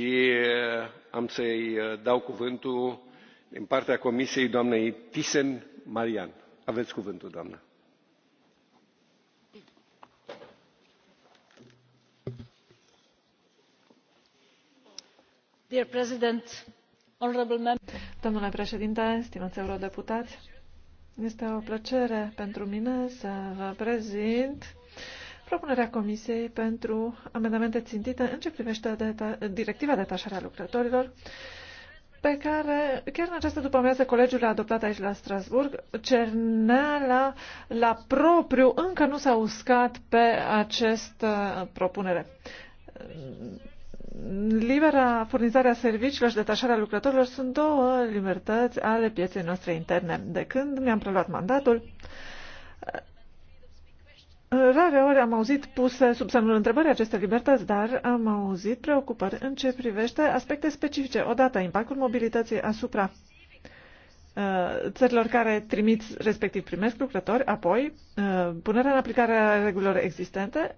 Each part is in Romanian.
și eh, am să i eh, dau cuvântul din partea comisiei doamnei thyssen mariann. aveți cuvântul doamnă. domnule președinte stimați eurodeputați este o plăcere pentru mine să vă prezint propunerea Comisiei pentru amendamente țintite în ce privește deta- directiva de atașare a lucrătorilor, pe care chiar în această după-amiază colegiul a adoptat aici la Strasburg, cernea la propriu încă nu s-a uscat pe această propunere libera furnizarea serviciilor și detașarea lucrătorilor sunt două libertăți ale pieței noastre interne. De când mi-am preluat mandatul, Rare ori am auzit puse sub semnul întrebării aceste libertăți, dar am auzit preocupări în ce privește aspecte specifice. Odată, impactul mobilității asupra uh, țărilor care trimit, respectiv primesc lucrători, apoi uh, punerea în aplicare a regulilor existente,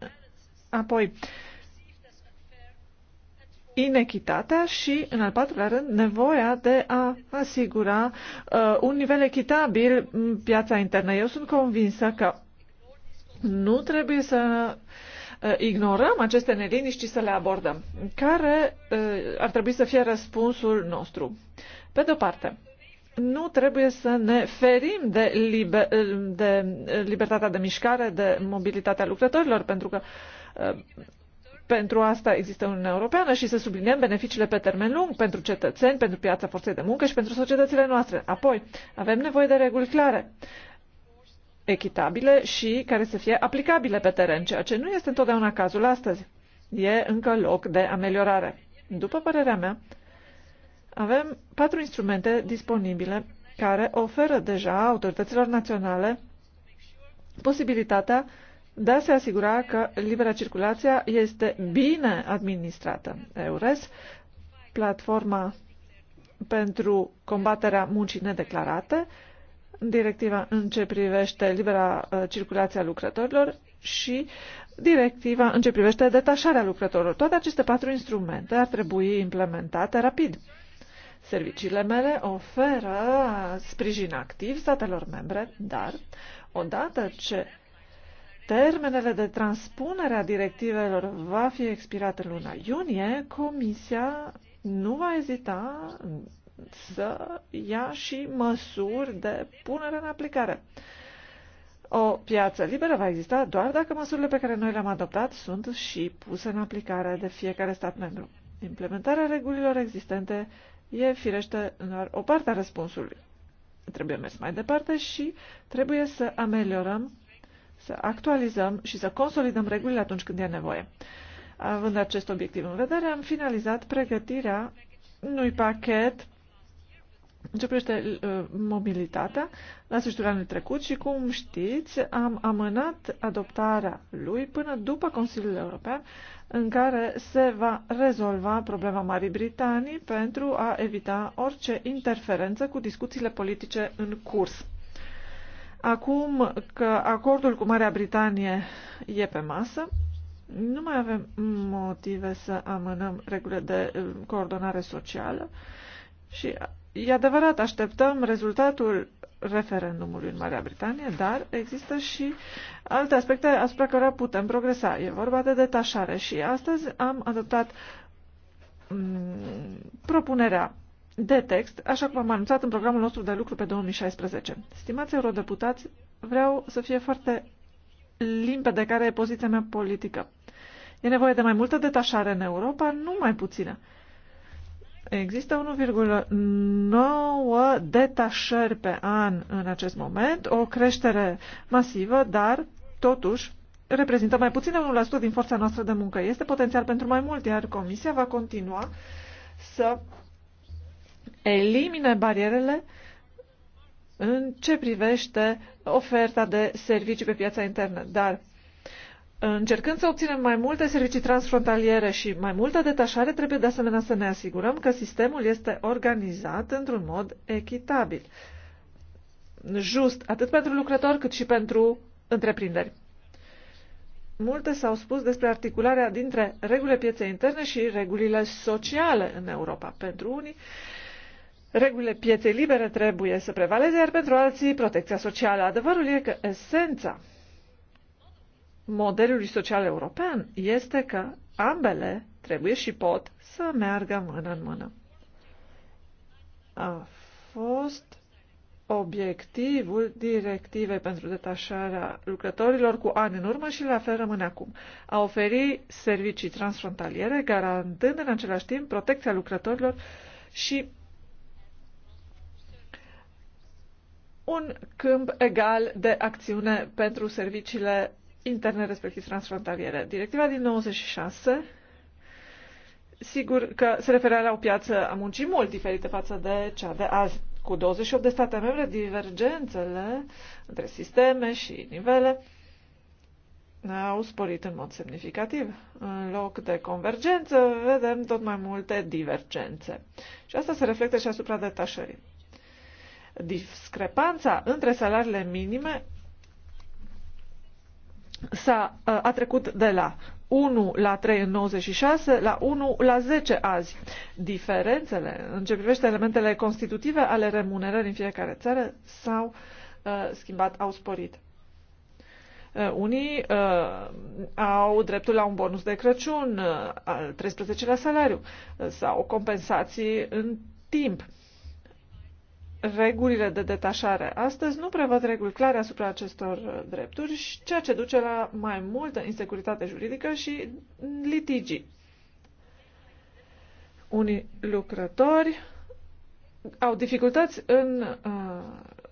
apoi inechitatea și, în al patrulea rând, nevoia de a asigura uh, un nivel echitabil în piața internă. Eu sunt convinsă că nu trebuie să uh, ignorăm aceste neliniști, și să le abordăm. Care uh, ar trebui să fie răspunsul nostru? Pe de-o parte, nu trebuie să ne ferim de, liber, uh, de libertatea de mișcare, de mobilitatea lucrătorilor, pentru că pentru asta există Uniunea Europeană și să subliniem beneficiile pe termen lung pentru cetățeni, pentru piața forței de muncă și pentru societățile noastre. Apoi, avem nevoie de reguli clare echitabile și care să fie aplicabile pe teren, ceea ce nu este întotdeauna cazul astăzi. E încă loc de ameliorare. După părerea mea, avem patru instrumente disponibile care oferă deja autorităților naționale posibilitatea de a se asigura că libera circulația este bine administrată. EURES, platforma pentru combaterea muncii nedeclarate, directiva în ce privește libera uh, circulație a lucrătorilor și directiva în ce privește detașarea lucrătorilor. Toate aceste patru instrumente ar trebui implementate rapid. Serviciile mele oferă sprijin activ statelor membre, dar odată ce termenele de transpunere a directivelor va fi expirat în luna iunie, Comisia nu va ezita să ia și măsuri de punere în aplicare. O piață liberă va exista doar dacă măsurile pe care noi le-am adoptat sunt și puse în aplicare de fiecare stat membru. Implementarea regulilor existente e, firește, doar o parte a răspunsului. Trebuie mers mai departe și trebuie să ameliorăm, să actualizăm și să consolidăm regulile atunci când e nevoie. Având acest obiectiv în vedere, am finalizat pregătirea unui pachet în ce privește uh, mobilitatea, la sfârșitul anului trecut și, cum știți, am amânat adoptarea lui până după Consiliul European, în care se va rezolva problema Marii Britanii pentru a evita orice interferență cu discuțiile politice în curs. Acum că acordul cu Marea Britanie e pe masă, nu mai avem motive să amânăm regulile de uh, coordonare socială, și e adevărat, așteptăm rezultatul referendumului în Marea Britanie, dar există și alte aspecte asupra care putem progresa. E vorba de detașare și astăzi am adoptat mm, propunerea de text, așa cum am anunțat în programul nostru de lucru pe 2016. Stimați eurodeputați, vreau să fie foarte limpede care e poziția mea politică. E nevoie de mai multă detașare în Europa, nu mai puțină. Există 1,9 detașări pe an în acest moment, o creștere masivă, dar totuși reprezintă mai puțin de 1% din forța noastră de muncă. Este potențial pentru mai mult, iar Comisia va continua să elimine barierele în ce privește oferta de servicii pe piața internă. Dar Încercând să obținem mai multe servicii transfrontaliere și mai multă detașare, trebuie de asemenea să ne asigurăm că sistemul este organizat într-un mod echitabil, just, atât pentru lucrători cât și pentru întreprinderi. Multe s-au spus despre articularea dintre regulile pieței interne și regulile sociale în Europa. Pentru unii, regulile pieței libere trebuie să prevaleze, iar pentru alții, protecția socială. Adevărul e că esența modelului social european este că ambele trebuie și pot să meargă mână în mână. A fost obiectivul directivei pentru detașarea lucrătorilor cu ani în urmă și la fel rămâne acum. A oferi servicii transfrontaliere, garantând în același timp protecția lucrătorilor și un câmp egal de acțiune pentru serviciile interne, respectiv transfrontaliere. Directiva din 96, sigur că se referea la o piață a muncii mult diferită față de cea de azi. Cu 28 de state membre, divergențele între sisteme și nivele au sporit în mod semnificativ. În loc de convergență, vedem tot mai multe divergențe. Și asta se reflectă și asupra detașării. Discrepanța între salariile minime S-a, uh, a trecut de la 1 la 3 în 96 la 1 la 10 azi. Diferențele în ce privește elementele constitutive ale remunerării în fiecare țară s-au uh, schimbat, au sporit. Uh, unii uh, au dreptul la un bonus de Crăciun, uh, al 13 la salariu uh, sau compensații în timp. Uh, regulile de detașare astăzi nu prevăd reguli clare asupra acestor uh, drepturi, ceea ce duce la mai multă insecuritate juridică și litigii. Unii lucrători au dificultăți în, uh,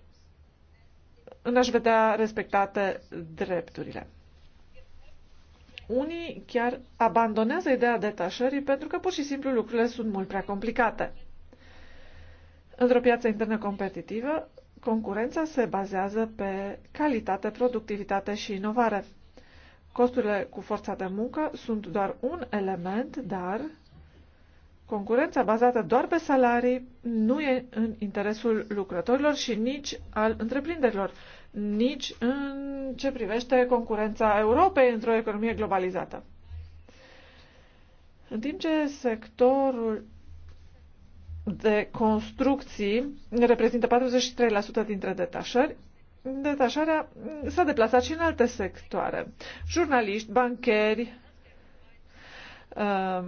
în a-și vedea respectate drepturile. Unii chiar abandonează ideea detașării pentru că pur și simplu lucrurile sunt mult prea complicate. Într-o piață internă competitivă, concurența se bazează pe calitate, productivitate și inovare. Costurile cu forța de muncă sunt doar un element, dar concurența bazată doar pe salarii nu e în interesul lucrătorilor și nici al întreprinderilor, nici în ce privește concurența Europei într-o economie globalizată. În timp ce sectorul de construcții reprezintă 43% dintre detașări. Detașarea s-a deplasat și în alte sectoare. Jurnaliști, bancheri, um,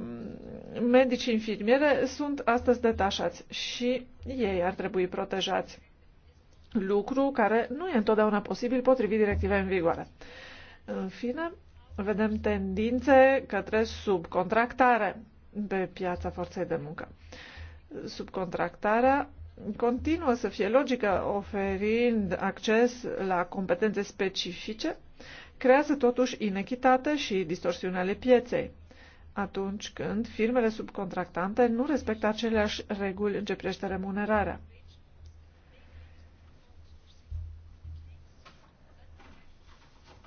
medici infirmiere sunt astăzi detașați și ei ar trebui protejați. Lucru care nu e întotdeauna posibil potrivit directivei în vigoare. În fine, vedem tendințe către subcontractare pe piața forței de muncă. Subcontractarea continuă să fie logică, oferind acces la competențe specifice, creează totuși inechitate și distorsiune ale pieței atunci când firmele subcontractante nu respectă aceleași reguli în ce privește remunerarea.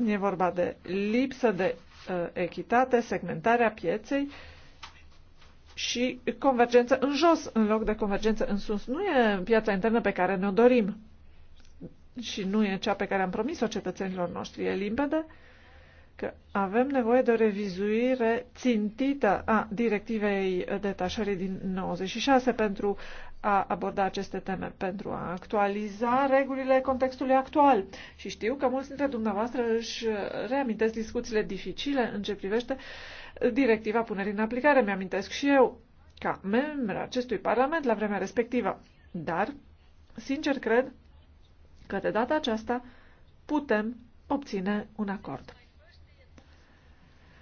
E vorba de lipsă de uh, echitate, segmentarea pieței și convergență în jos în loc de convergență în sus. Nu e piața internă pe care ne-o dorim și nu e cea pe care am promis-o cetățenilor noștri. E limpede că avem nevoie de o revizuire țintită a directivei detașării din 96 pentru a aborda aceste teme, pentru a actualiza regulile contextului actual. Și știu că mulți dintre dumneavoastră își reamintesc discuțiile dificile în ce privește uh, directiva punerii în aplicare, mi-amintesc și eu, ca membru acestui Parlament la vremea respectivă. Dar, sincer, cred că de data aceasta putem obține un acord.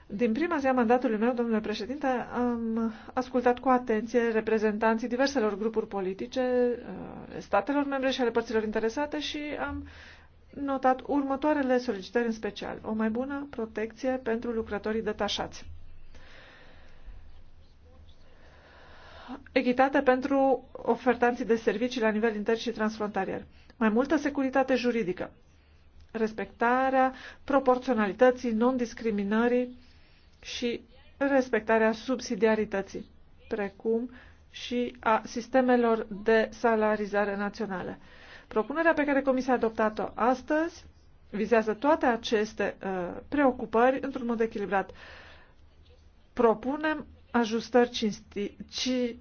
Din prima zi a mandatului meu, domnule președinte, am ascultat cu atenție reprezentanții diverselor grupuri politice, uh, statelor membre și ale părților interesate și am notat următoarele solicitări în special. O mai bună protecție pentru lucrătorii detașați. echitate pentru ofertanții de servicii la nivel intern și transfrontalier, mai multă securitate juridică, respectarea proporționalității, non-discriminării și respectarea subsidiarității, precum și a sistemelor de salarizare naționale. Propunerea pe care Comisia a adoptat-o astăzi vizează toate aceste uh, preocupări într-un mod echilibrat. Propunem ajustări cinsti, ci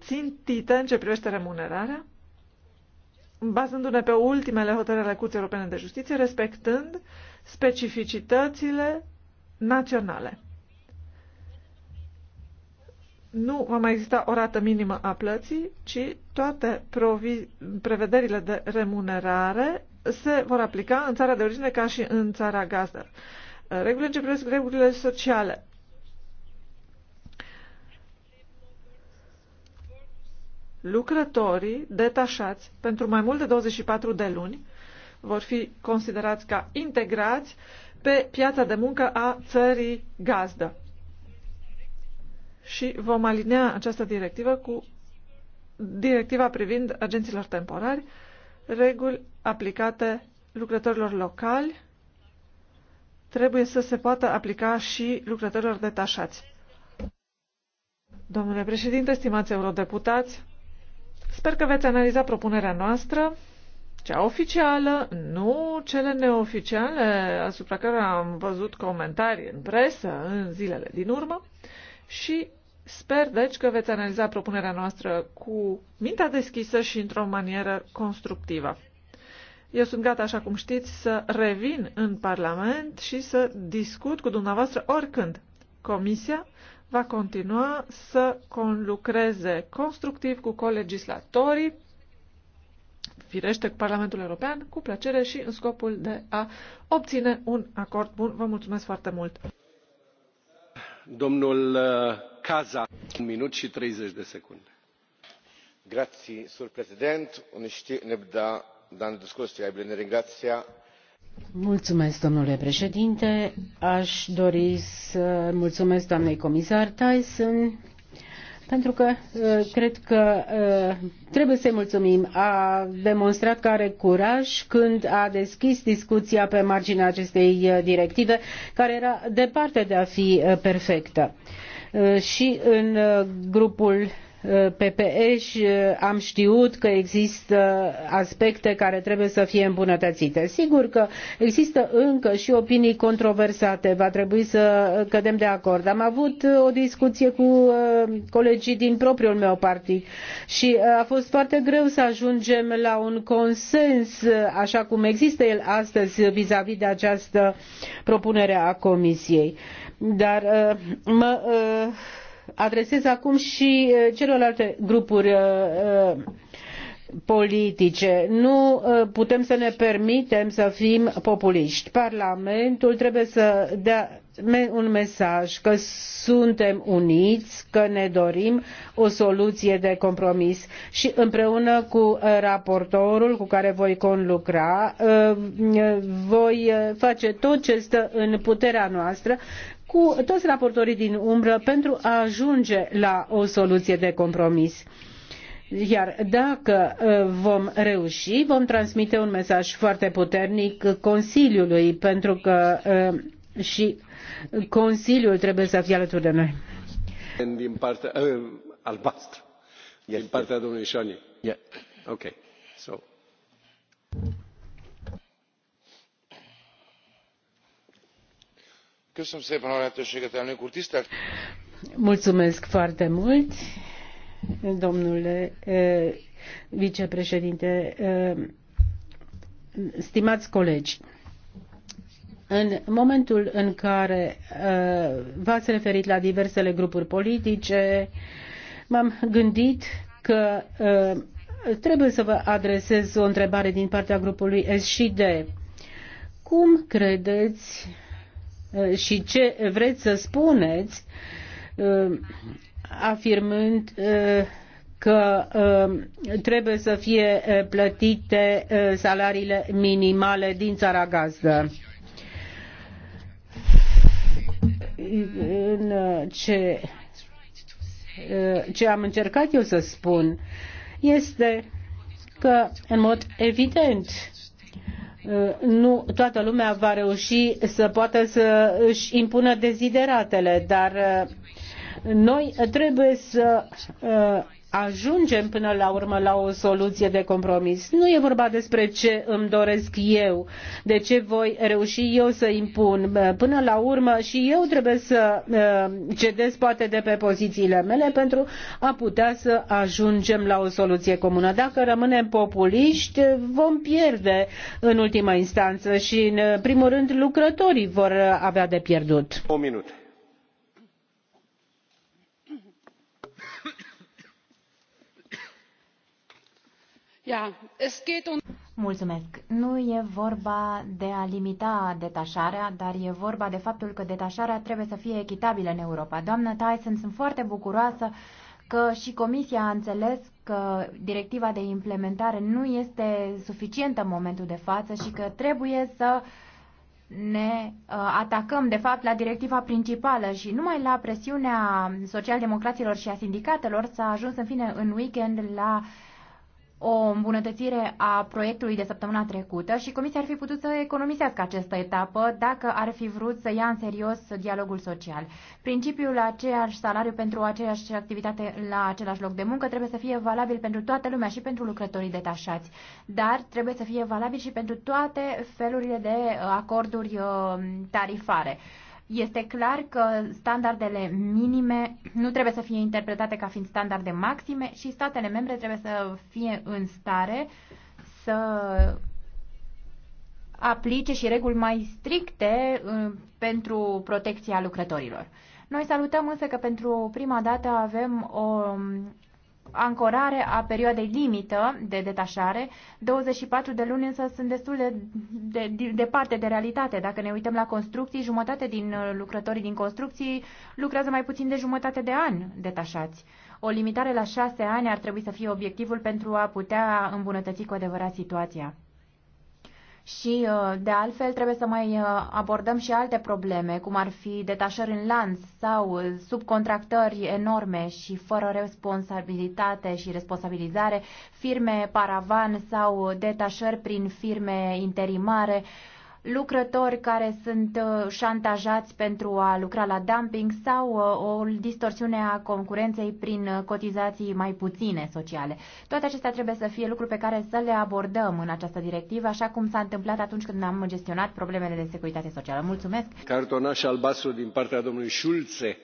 țintite în ce privește remunerarea, bazându-ne pe ultimele hotărâri ale Curții Europene de Justiție, respectând specificitățile naționale. Nu va mai exista o rată minimă a plății, ci toate prevederile de remunerare se vor aplica în țara de origine ca și în țara gazdă. Regulile ce privesc regulile sociale lucrătorii detașați pentru mai mult de 24 de luni vor fi considerați ca integrați pe piața de muncă a țării gazdă. Și vom alinea această directivă cu directiva privind agenților temporari, reguli aplicate lucrătorilor locali trebuie să se poată aplica și lucrătorilor detașați. Domnule președinte, stimați eurodeputați, Sper că veți analiza propunerea noastră, cea oficială, nu cele neoficiale asupra care am văzut comentarii în presă în zilele din urmă și sper deci că veți analiza propunerea noastră cu mintea deschisă și într-o manieră constructivă. Eu sunt gata, așa cum știți, să revin în Parlament și să discut cu dumneavoastră oricând. Comisia va continua să conlucreze constructiv cu colegislatorii, firește cu Parlamentul European, cu plăcere și în scopul de a obține un acord bun. Vă mulțumesc foarte mult! Domnul uh, Caza, un minut și 30 de secunde. Grazie, sur President. Unishtiq nebda dan diskussi għaj bil-nirringrazzja Mulțumesc, domnule președinte. Aș dori să mulțumesc doamnei comisar Tyson pentru că uh, cred că uh, trebuie să-i mulțumim. A demonstrat că are curaj când a deschis discuția pe marginea acestei uh, directive, care era departe de a fi perfectă. Și în grupul PPE uh, am știut că există aspecte care trebuie să fie îmbunătățite. Sigur că există încă și opinii controversate, va trebui să cădem de acord. Am avut o discuție cu uh, colegii din propriul meu partid și uh, a fost foarte greu să ajungem la un consens așa cum există el astăzi vis a -vis de această propunere a Comisiei. Dar mă adresez acum și uh, celorlalte grupuri uh, uh, politice. Nu putem să ne permitem să fim populiști. Parlamentul trebuie să dea un mesaj că suntem uniți, că ne dorim o soluție de compromis și împreună cu raportorul cu care voi conlucra voi face tot ce stă în puterea noastră cu toți raportorii din umbră pentru a ajunge la o soluție de compromis. Iar dacă uh, vom reuși, vom transmite un mesaj foarte puternic Consiliului, pentru că uh, și Consiliul trebuie să fie alături de noi. Din partea uh, albastră, din partea domnului Șani. Yeah. Ok. So. Mulțumesc foarte mult, domnule vicepreședinte, stimați colegi. În momentul în care v-ați referit la diversele grupuri politice, m-am gândit că trebuie să vă adresez o întrebare din partea grupului SD. Cum credeți Uh, și ce vreți să spuneți uh, afirmând uh, că trebuie să fie plătite salariile minimale din țara gazdă. În ce, ce am încercat eu să spun este că, în mod evident, Uh, nu toată lumea va reuși să poată să își impună dezideratele, dar uh, noi trebuie să uh, ajungem până la urmă la o soluție de compromis. Nu e vorba despre ce îmi doresc eu, de ce voi reuși eu să impun. Până la urmă și eu trebuie să cedez poate de pe pozițiile mele pentru a putea să ajungem la o soluție comună. Dacă rămânem populiști, vom pierde în ultima instanță și, în primul rând, lucrătorii vor avea de pierdut. O minut. Um- Mulțumesc. Nu e vorba de a limita detașarea, dar e vorba de faptul că detașarea trebuie să fie echitabilă în Europa. Doamnă Tyson, sunt foarte bucuroasă că și Comisia a înțeles că directiva de implementare nu este suficientă în momentul de față și că trebuie să ne uh, atacăm, de fapt, la directiva principală și numai la presiunea socialdemocraților și a sindicatelor s-a ajuns, în fine, în weekend la uh, o îmbunătățire a proiectului de săptămâna trecută și Comisia ar fi putut să economisească această etapă dacă ar fi vrut să ia în serios dialogul social. Principiul aceeași salariu pentru aceeași activitate la același loc de muncă trebuie să fie valabil pentru toată lumea și pentru lucrătorii detașați, dar trebuie să fie valabil și pentru toate felurile de uh, acorduri uh, tarifare. Este clar că standardele minime nu trebuie să fie interpretate ca fiind standarde maxime și statele membre trebuie să fie în stare să aplice și reguli mai stricte uh, pentru protecția lucrătorilor. Noi salutăm însă că pentru prima dată avem o ancorare a perioadei limită de detașare. 24 de luni însă sunt destul de departe de, de, de realitate. Dacă ne uităm la construcții, jumătate din uh, lucrătorii din construcții lucrează mai puțin de jumătate de an detașați. O limitare la șase ani ar trebui să fie obiectivul pentru a putea îmbunătăți cu adevărat situația. Și, uh, de altfel, trebuie să mai uh, abordăm și alte probleme, cum ar fi detașări în lanț sau uh, subcontractări enorme și fără responsabilitate și responsabilizare, firme paravan sau detașări prin firme interimare, lucrători care sunt uh, șantajați pentru a lucra la dumping sau uh, o distorsiune a concurenței prin uh, cotizații mai puține sociale. Toate acestea trebuie să fie lucruri pe care să le abordăm în această directivă, așa cum s-a întâmplat atunci când am gestionat problemele de securitate socială. Mulțumesc! Cartonaș albastru din partea domnului Schulze.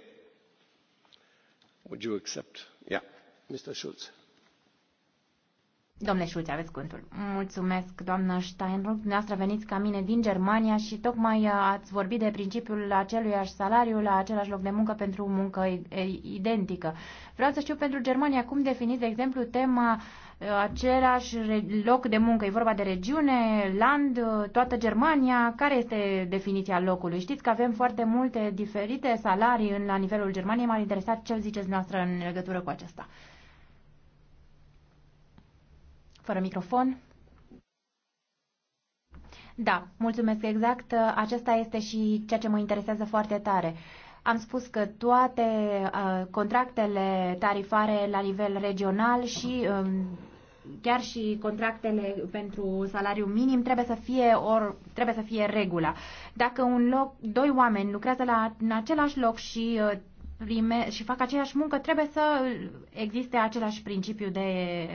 Would you accept? Yeah. Mr. Schulze Domnule Șulț, aveți cuvântul. Mulțumesc, doamnă Steinrug. Dumneavoastră veniți ca mine din Germania și tocmai uh, ați vorbit de principiul aceluiași salariu la același loc de muncă pentru muncă identică. Vreau să știu pentru Germania cum definiți, de exemplu, tema uh, același loc de muncă. E vorba de regiune, land, uh, toată Germania. Care este definiția locului? Știți că avem foarte multe diferite salarii în, la nivelul Germaniei. M-ar interesat ce ziceți noastră în legătură cu acesta fără microfon. Da, mulțumesc exact. Acesta este și ceea ce mă interesează foarte tare. Am spus că toate uh, contractele tarifare la nivel regional și um, chiar și contractele pentru salariu minim trebuie să fie or, trebuie să fie regula. Dacă un loc, doi oameni lucrează la, în același loc și uh, prime, și fac aceeași muncă, trebuie să existe același principiu de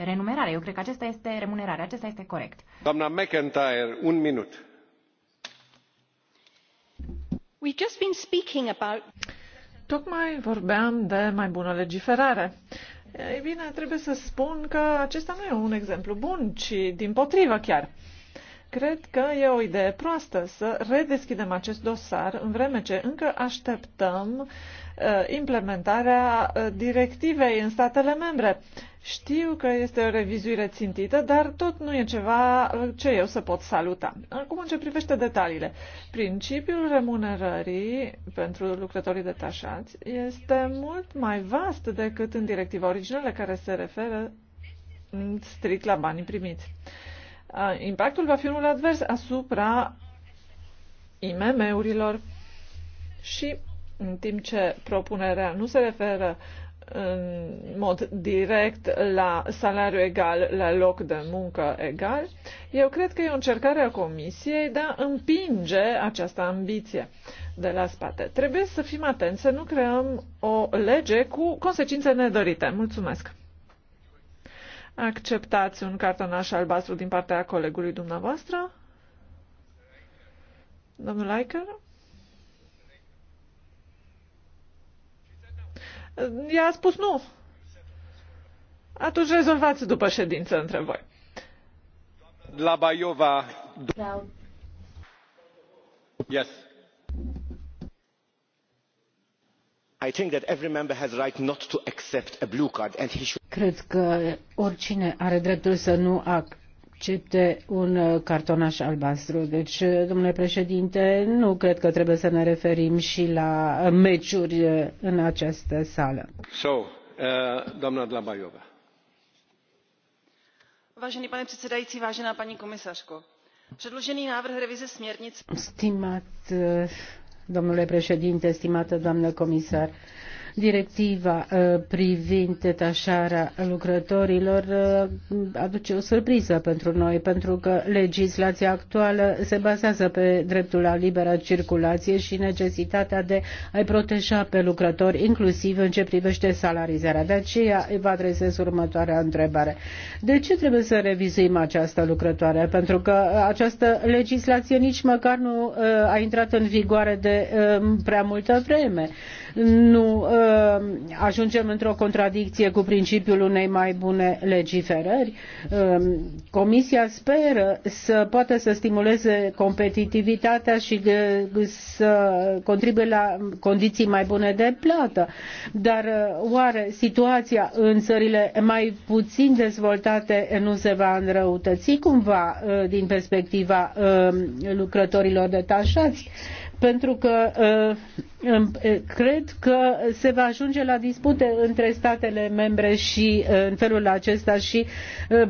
renumerare. Eu cred că acesta este remunerare, acesta este corect. Doamna McIntyre, un minut. We've just been speaking about... Tocmai vorbeam de mai bună legiferare. Ei bine, trebuie să spun că acesta nu e un exemplu bun, ci din potrivă chiar. Cred că e o idee proastă să redeschidem acest dosar în vreme ce încă așteptăm uh, implementarea uh, directivei în statele membre. Știu că este o revizuire țintită, dar tot nu e ceva uh, ce eu să pot saluta. Acum, în ce privește detaliile, principiul remunerării pentru lucrătorii detașați este mult mai vast decât în directiva originală care se referă strict la banii primiți. Uh, impactul va fi unul advers asupra IMM-urilor și în timp ce propunerea nu se referă în mod direct la salariu egal, la loc de muncă egal, eu cred că e o încercare a Comisiei de a împinge această ambiție de la spate. Trebuie să fim atenți să nu creăm o lege cu consecințe nedorite. Mulțumesc! Acceptați un cartonaș albastru din partea colegului dumneavoastră? Domnul Aiker? I-a spus nu. Atunci rezolvați după ședință între voi. La Baiova... Da. Yes. I think that every member has right not to accept a blue card and he should... Cred că oricine are dreptul să nu accepte un uh, cartonaș albastru. Deci, uh, domnule președinte, nu cred că trebuie să ne referim și la uh, meciuri în această sală. So, uh, doamna Dlabaiova. Vážený pane předsedající, vážená paní komisařko, předložený návrh revize směrnic... Stimat, domnule președinte, stimată doamnă comisar, uh, Directiva uh, privind detașarea lucrătorilor uh, aduce o surpriză pentru noi, pentru că legislația actuală se bazează pe dreptul la liberă circulație și necesitatea de a-i proteja pe lucrători, inclusiv în ce privește salarizarea. De aceea vă adresez următoarea întrebare. De ce trebuie să revizuim această lucrătoare? Pentru că această legislație nici măcar nu uh, a intrat în vigoare de prea multă vreme nu uh, ajungem într-o contradicție cu principiul unei mai bune legiferări. Um, comisia speră să poată să stimuleze competitivitatea și uh, să contribuie la condiții mai bune de plată. Dar uh, oare situația în țările mai puțin dezvoltate nu se va înrăutăți cumva din perspectiva lucrătorilor detașați? pentru că uh, um, uh, cred că se va ajunge la dispute între statele membre și uh, în felul acesta și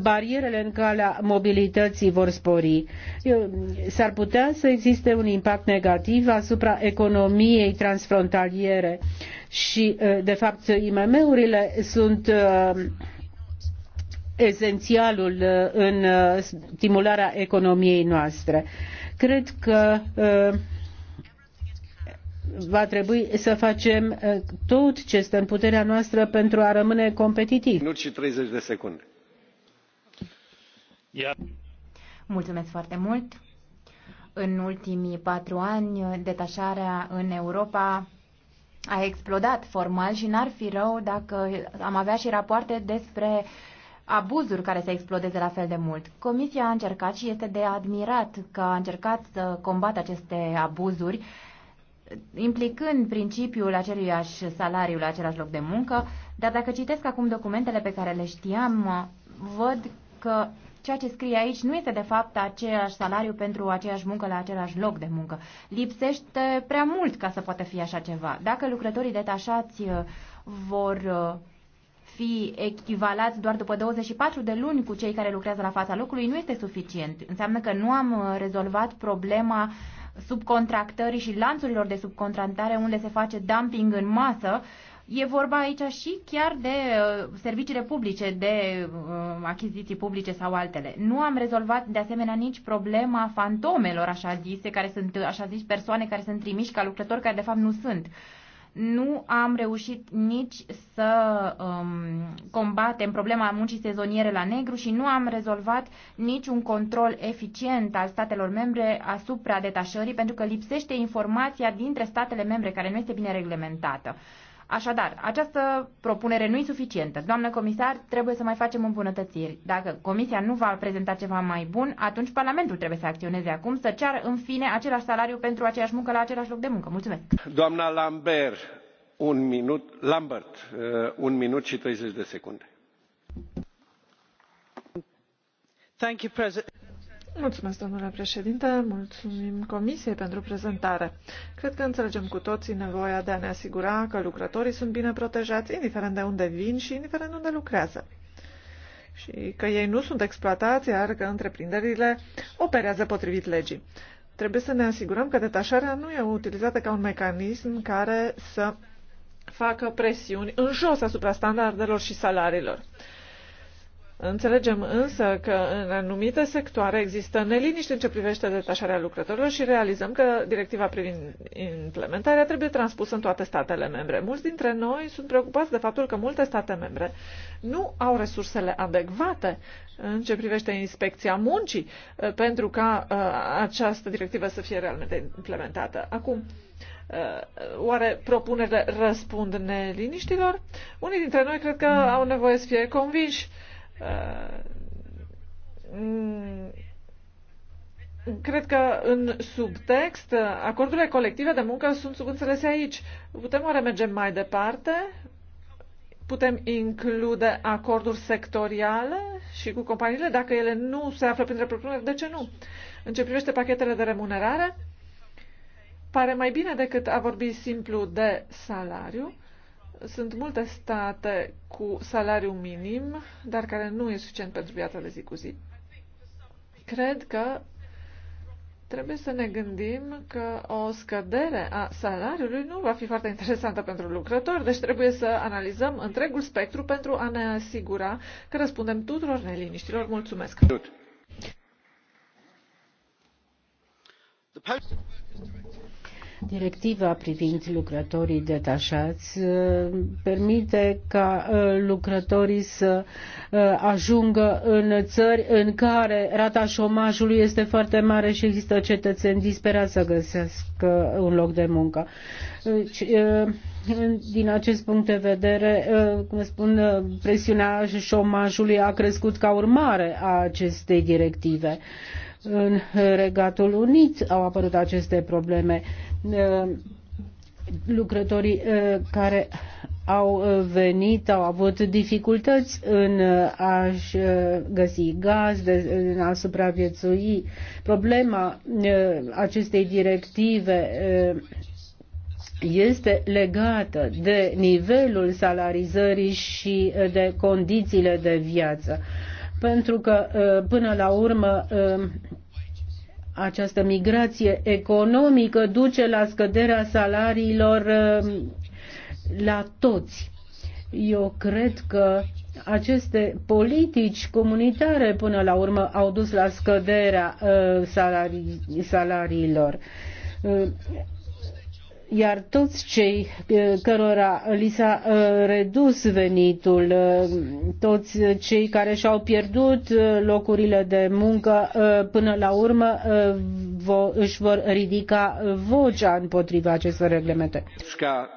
barierele în calea mobilității vor spori. S-ar putea să existe un impact negativ asupra economiei transfrontaliere și, de fapt, IMM-urile sunt esențialul în stimularea economiei noastre. Cred că va trebui să facem uh, tot ce stă în puterea noastră pentru a rămâne competitivi. Minut și 30 de secunde. Mulțumesc foarte mult. În ultimii patru ani, detașarea în Europa a explodat formal și n-ar fi rău dacă am avea și rapoarte despre abuzuri care se explodeze la fel de mult. Comisia a încercat și este de admirat că a încercat să combată aceste abuzuri implicând principiul aceluiași salariu la același loc de muncă, dar dacă citesc acum documentele pe care le știam, văd că ceea ce scrie aici nu este de fapt același salariu pentru aceeași muncă la același loc de muncă. Lipsește prea mult ca să poată fi așa ceva. Dacă lucrătorii detașați uh, vor uh, fi echivalați doar după 24 de luni cu cei care lucrează la fața locului nu este suficient. Înseamnă că nu am uh, rezolvat problema uh, subcontractării și lanțurilor de subcontractare unde se face dumping în masă. E vorba aici și chiar de uh, serviciile publice, de uh, achiziții publice sau altele. Nu am rezolvat de asemenea nici problema fantomelor, așa zise, care sunt, așa zis, persoane care sunt trimiși ca lucrători care de fapt nu sunt nu am reușit nici să um, combatem problema muncii sezoniere la negru și nu am rezolvat niciun control eficient al statelor membre asupra detașării, pentru că lipsește informația dintre statele membre care nu este bine reglementată. Așadar, această propunere nu e suficientă. Doamnă comisar, trebuie să mai facem îmbunătățiri. Dacă Comisia nu va prezenta ceva mai bun, atunci Parlamentul trebuie să acționeze acum, să ceară în fine același salariu pentru aceeași muncă la același loc de muncă. Mulțumesc. Doamna Lambert, un minut, Lambert, uh, un minut și 30 de secunde. Thank you, President. Mulțumesc, domnule președinte, mulțumim Comisiei pentru prezentare. Cred că înțelegem cu toții nevoia de a ne asigura că lucrătorii sunt bine protejați, indiferent de unde vin și indiferent unde lucrează. Și că ei nu sunt exploatați, iar că întreprinderile operează potrivit legii. Trebuie să ne asigurăm că detașarea nu e utilizată ca un mecanism care să facă presiuni în jos asupra standardelor și salariilor. Înțelegem însă că în anumite sectoare există neliniște în ce privește detașarea lucrătorilor și realizăm că directiva privind implementarea trebuie transpusă în toate statele membre. Mulți dintre noi sunt preocupați de faptul că multe state membre nu au resursele adecvate în ce privește inspecția muncii uh, pentru ca uh, această directivă să fie realmente implementată. Acum, uh, oare propunerile răspund neliniștilor? Unii dintre noi cred că au nevoie să fie convinși Uh, mm, cred că în subtext, acordurile colective de muncă sunt subînțelese aici. Putem oare merge mai departe? Putem include acorduri sectoriale și cu companiile dacă ele nu se află printre propuneri? De ce nu? În ce privește pachetele de remunerare, pare mai bine decât a vorbi simplu de salariu sunt multe state cu salariu minim, dar care nu e suficient pentru viața de zi cu zi. Cred că trebuie să ne gândim că o scădere a salariului nu va fi foarte interesantă pentru lucrători, deci trebuie să analizăm întregul spectru pentru a ne asigura că răspundem tuturor neliniștilor. Mulțumesc! Directiva privind lucrătorii detașați uh, permite ca uh, lucrătorii să uh, ajungă în țări în care rata șomajului este foarte mare și există cetățeni disperați să găsească un loc de muncă. Deci, din acest punct de vedere, cum spun, presiunea șomajului a crescut ca urmare a acestei directive în Regatul Unit au apărut aceste probleme. Uh, lucrătorii uh, care au uh, venit, au avut dificultăți în a-și găsi gaz în a supraviețui. Problema acestei directive este legată de nivelul salarizării și de condițiile de viață. Pentru că, până la urmă, această migrație economică duce la scăderea salariilor uh, la toți. Eu cred că aceste politici comunitare până la urmă au dus la scăderea uh, salarii, salariilor. Uh, iar toți cei cărora li s-a redus venitul, toți cei care și-au pierdut locurile de muncă, până la urmă își vor ridica vocea împotriva acestor reglemente.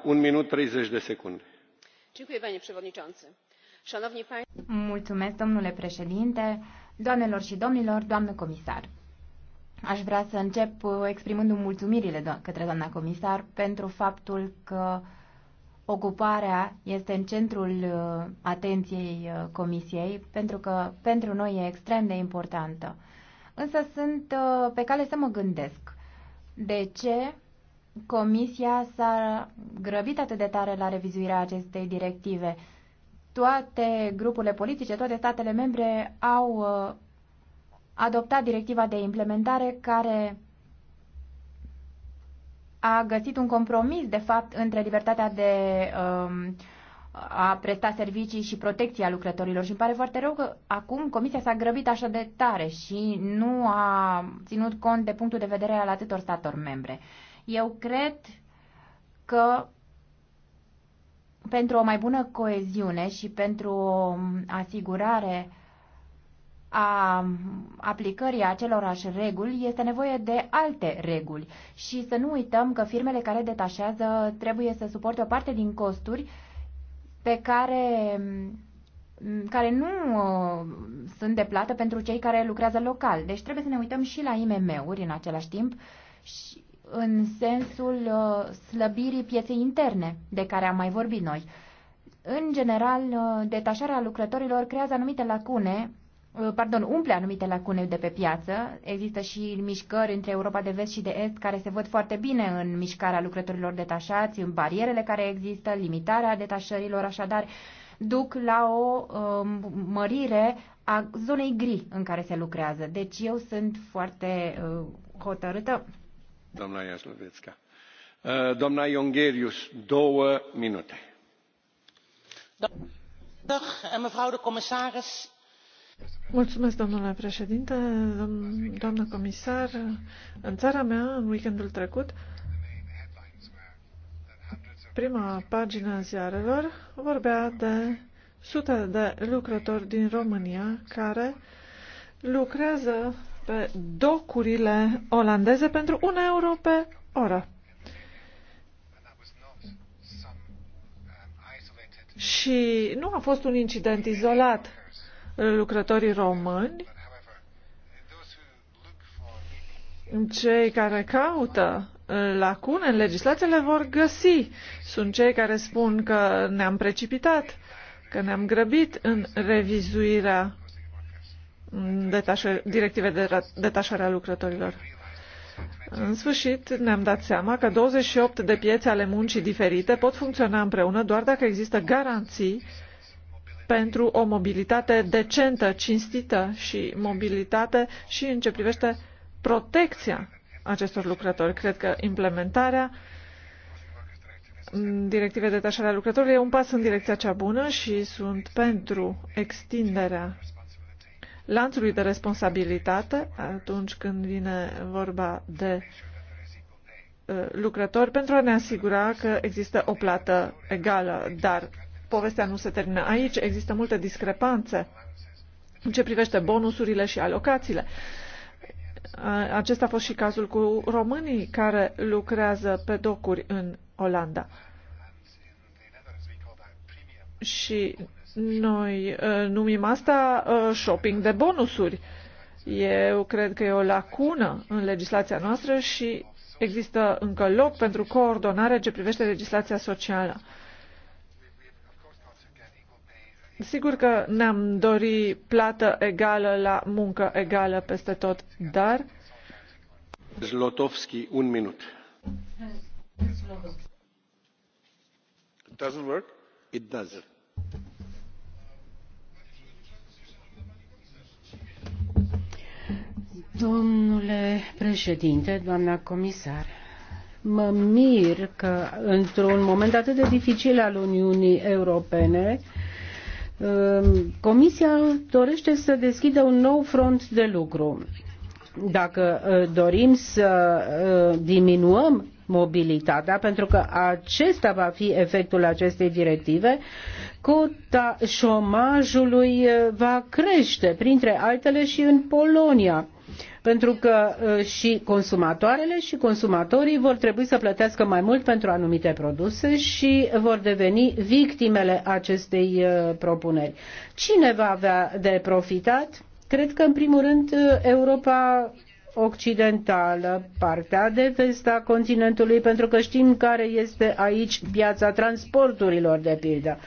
Un minut 30 de secunde. Mulțumesc, domnule președinte, doamnelor și domnilor, doamnă comisar. Aș vrea să încep uh, exprimându-mi mulțumirile către doamna comisar pentru faptul că ocuparea este în centrul uh, atenției uh, comisiei, pentru că pentru noi e extrem de importantă. Însă sunt pe cale să mă gândesc de ce comisia s-a grăbit atât de tare la revizuirea acestei directive. Toate grupurile politice, toate statele membre au adoptat directiva de implementare care a găsit un compromis, de fapt, între libertatea de um, a presta servicii și protecția lucrătorilor. Și îmi pare foarte rău că acum Comisia s-a grăbit așa de tare și nu a ținut cont de punctul de vedere al atâtor statelor membre. Eu cred că pentru o mai bună coeziune și pentru o asigurare a aplicării acelorași reguli este nevoie de alte reguli și să nu uităm că firmele care detașează trebuie să suporte o parte din costuri pe care, care nu uh, sunt de plată pentru cei care lucrează local. Deci trebuie să ne uităm și la IMM-uri în același timp și în sensul uh, slăbirii pieței interne de care am mai vorbit noi. În general, uh, detașarea lucrătorilor creează anumite lacune Uh, pardon, umple anumite lacune de pe piață. Există și mișcări între Europa de Vest și de Est care se văd foarte bine în mișcarea lucrătorilor detașați, în barierele care există, limitarea detașărilor, așadar duc la o um, mărire a zonei gri în care se lucrează. Deci eu sunt foarte uh, hotărâtă. Doamna Iaslovețca. Uh, doamna Iongerius, două minute. Doamna, eh, mevrouw de commissaris, Mulțumesc, domnule președinte, doamnă comisar. În țara mea, în weekendul trecut, prima pagină a ziarelor vorbea de sute de lucrători din România care lucrează pe docurile olandeze pentru un euro pe oră. Și nu a fost un incident izolat lucrătorii români. Cei care caută uh, lacune în legislație le vor găsi. Sunt cei care spun că ne-am precipitat, că ne-am grăbit în revizuirea directivei de detașare a lucrătorilor. În sfârșit, ne-am dat seama că 28 de piețe ale muncii diferite pot funcționa împreună doar dacă există garanții pentru o mobilitate decentă, cinstită și mobilitate și în ce privește protecția acestor lucrători. Cred că implementarea directivei de a lucrătorilor e un pas în direcția cea bună și sunt pentru extinderea lanțului de responsabilitate atunci când vine vorba de uh, lucrători pentru a ne asigura că există o plată egală, dar povestea nu se termină aici, există multe discrepanțe în ce privește bonusurile și alocațiile. Acesta a fost și cazul cu românii care lucrează pe docuri în Olanda. Și noi uh, numim asta uh, shopping de bonusuri. Eu cred că e o lacună în legislația noastră și există încă loc pentru coordonare ce privește legislația socială. Uh, Sigur că ne-am dori plată egală la muncă egală peste tot, dar... Zlotovski, un minut. It doesn't work? It does. Domnule președinte, doamna comisar, mă mir că într-un moment atât de dificil al Uniunii Europene, Ehm, comisia dorește să deschidă un nou front de lucru. Dacă dorim să diminuăm mobilitatea, pentru că acesta va fi efectul acestei directive, cota șomajului va crește, printre altele și în Polonia pentru că uh, și consumatoarele și consumatorii vor trebui să plătească mai mult pentru anumite produse și vor deveni victimele acestei uh, propuneri. Cine va avea de profitat? Cred că, în primul rând, uh, Europa occidentală, partea de vest a continentului, pentru că știm care este aici piața transporturilor, de pildă.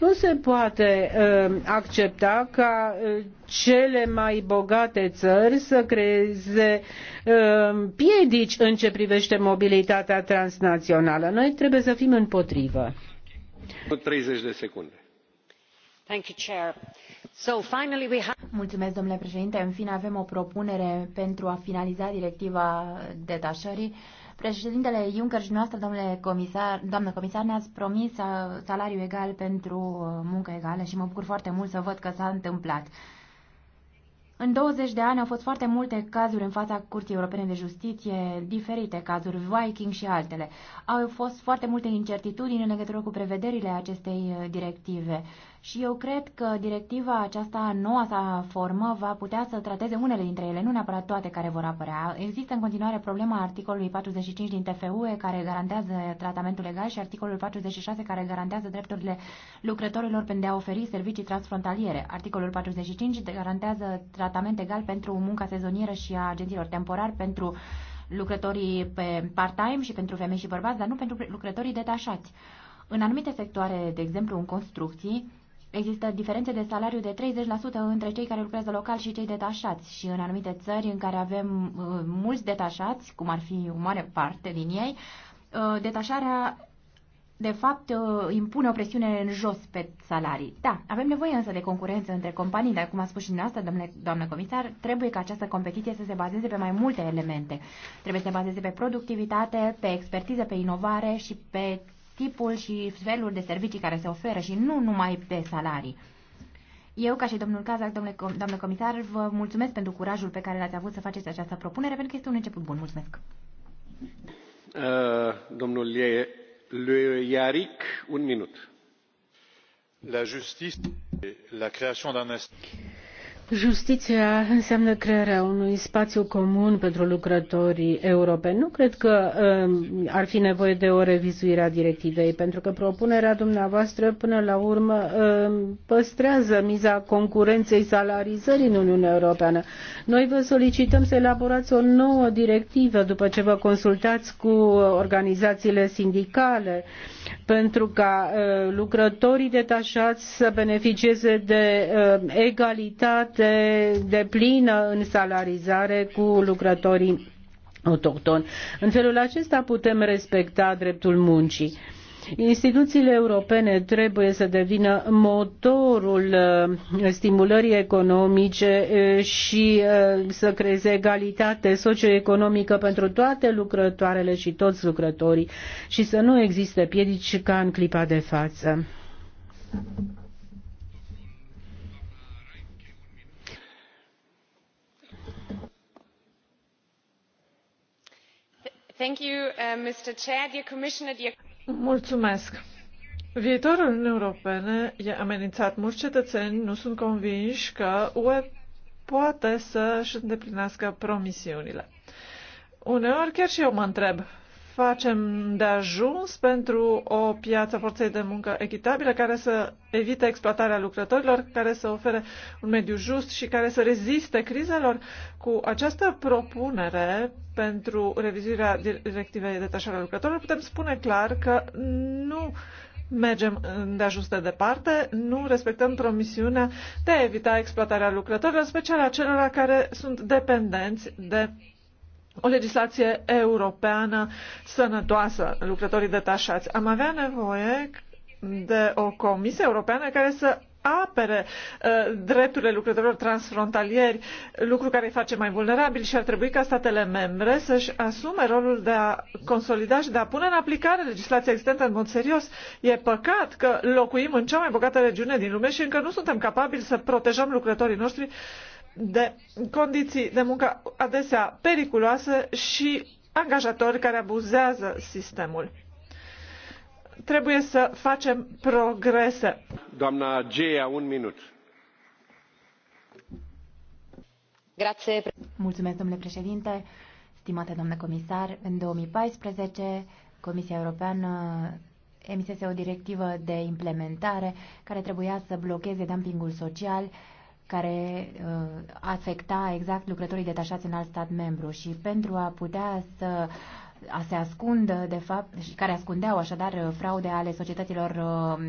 Nu se poate uh, accepta ca uh, cele mai bogate țări să creeze uh, piedici în ce privește mobilitatea transnațională. Noi trebuie să fim împotrivă. 30 de secunde. Thank you, Chair Mulțumesc, domnule președinte. În fine, avem o propunere pentru a finaliza directiva detașării. Președintele Juncker și noastră, domnule comisar, doamnă comisar, ne-ați promis salariu egal pentru uh, muncă egală și mă bucur foarte mult să văd că s-a întâmplat. În 20 de ani au fost foarte multe cazuri în fața Curții Europene de Justiție, diferite cazuri, Viking și altele. Au fost foarte multe incertitudini în legătură cu prevederile acestei uh, directive. Și eu cred că directiva aceasta, noua sa formă, va putea să trateze unele dintre ele, nu neapărat toate care vor apărea. Există în continuare problema articolului 45 din TFUE care garantează tratamentul legal și articolul 46 care garantează drepturile lucrătorilor pentru a oferi servicii transfrontaliere. Articolul 45 garantează tratament egal pentru munca sezonieră și a agenților temporari pentru lucrătorii pe part-time și pentru femei și bărbați, dar nu pentru lucrătorii detașați. În anumite sectoare, de exemplu în construcții, Există diferențe de salariu de 30% între cei care lucrează local și cei detașați și în anumite țări în care avem uh, mulți detașați, cum ar fi o mare parte din ei, uh, detașarea de fapt uh, impune o presiune în jos pe salarii. Da, avem nevoie însă de concurență între companii, dar cum a spus și dumneavoastră, domnule, doamnă comisar, trebuie ca această competiție să se bazeze pe mai multe elemente. Trebuie să se bazeze pe productivitate, pe expertiză, pe inovare și pe tipul și felul de servicii care se oferă și nu numai pe salarii. Eu, ca și domnul Cazac, domnule, doamnă comisar, vă mulțumesc pentru curajul pe care l-ați avut să faceți această propunere, pentru că este un început bun. Mulțumesc. Uh, domnul Le Iaric, un minut. La justiție, la creația d'un Justiția înseamnă crearea unui spațiu comun pentru lucrătorii europeni. Nu cred că um, ar fi nevoie de o revizuire a directivei, pentru că propunerea dumneavoastră până la urmă um, păstrează miza concurenței salarizării în Uniunea Europeană. Noi vă solicităm să elaborați o nouă directivă după ce vă consultați cu organizațiile sindicale pentru ca uh, lucrătorii detașați să beneficieze de uh, egalitate se de plină în salarizare cu lucrătorii autohtoni. În felul acesta putem respecta dreptul muncii. Instituțiile europene trebuie să devină motorul uh, stimulării economice uh, și uh, să creeze egalitate socioeconomică pentru toate lucrătoarele și toți lucrătorii și să nu existe piedici ca în clipa de față. Uh, Viitorul Uniunii Europene e amenințat. Mulți cetățeni nu sunt convinși că UE poate să-și îndeplinească promisiunile. Uneori chiar și eu mă întreb să facem de ajuns pentru o piață forței de muncă echitabilă care să evite exploatarea lucrătorilor, care să ofere un mediu just și care să reziste crizelor? Cu această propunere pentru revizuirea directivei de a lucrătorilor putem spune clar că nu mergem de ajuns de departe, nu respectăm promisiunea de a evita exploatarea lucrătorilor, special a celor care sunt dependenți de o legislație europeană sănătoasă, lucrătorii detașați. Am avea nevoie de o comisie europeană care să apere uh, drepturile lucrătorilor transfrontalieri, lucru care îi face mai vulnerabili și ar trebui ca statele membre să-și asume rolul de a consolida și de a pune în aplicare legislația existentă în mod serios. E păcat că locuim în cea mai bogată regiune din lume și încă nu suntem capabili să protejăm lucrătorii noștri uh, de condiții de muncă adesea periculoase și angajatori care abuzează sistemul. Trebuie să facem progrese. Doamna Gea, un minut. Mulțumesc, domnule președinte. Stimate domnule comisar, în 2014 Comisia Europeană emisese o directivă de implementare care trebuia să blocheze dumpingul social care uh, afecta exact lucrătorii detașați în alt stat membru și pentru a putea să se ascund, de fapt, și care ascundeau așadar uh, fraude ale societăților uh,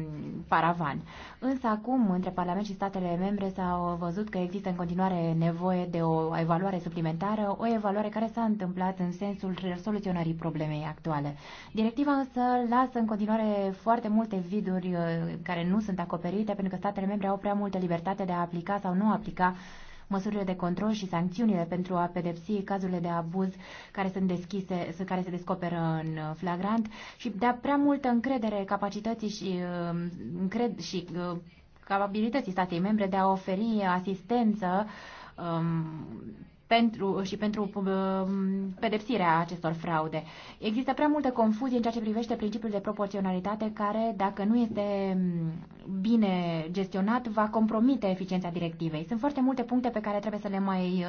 paravan. Însă acum, între Parlament și statele membre, s-au văzut că există în continuare nevoie de o evaluare suplimentară, o evaluare care s-a întâmplat în sensul soluționării problemei actuale. Directiva însă lasă în continuare foarte multe viduri uh, care nu sunt acoperite, pentru că statele membre au prea multă libertate de a aplica sau nu aplica măsurile de control și sancțiunile pentru a pedepsi cazurile de abuz care sunt deschise, care se descoperă în flagrant și a prea multă încredere capacității și, um, încred, și uh, capabilității statei membre de a oferi asistență um, pentru, și pentru um, pedepsirea acestor fraude. Există prea multă confuzie în ceea ce privește principiul de proporționalitate care, dacă nu este um, bine gestionat, va compromite eficiența directivei. Sunt foarte multe puncte pe care trebuie să le mai uh,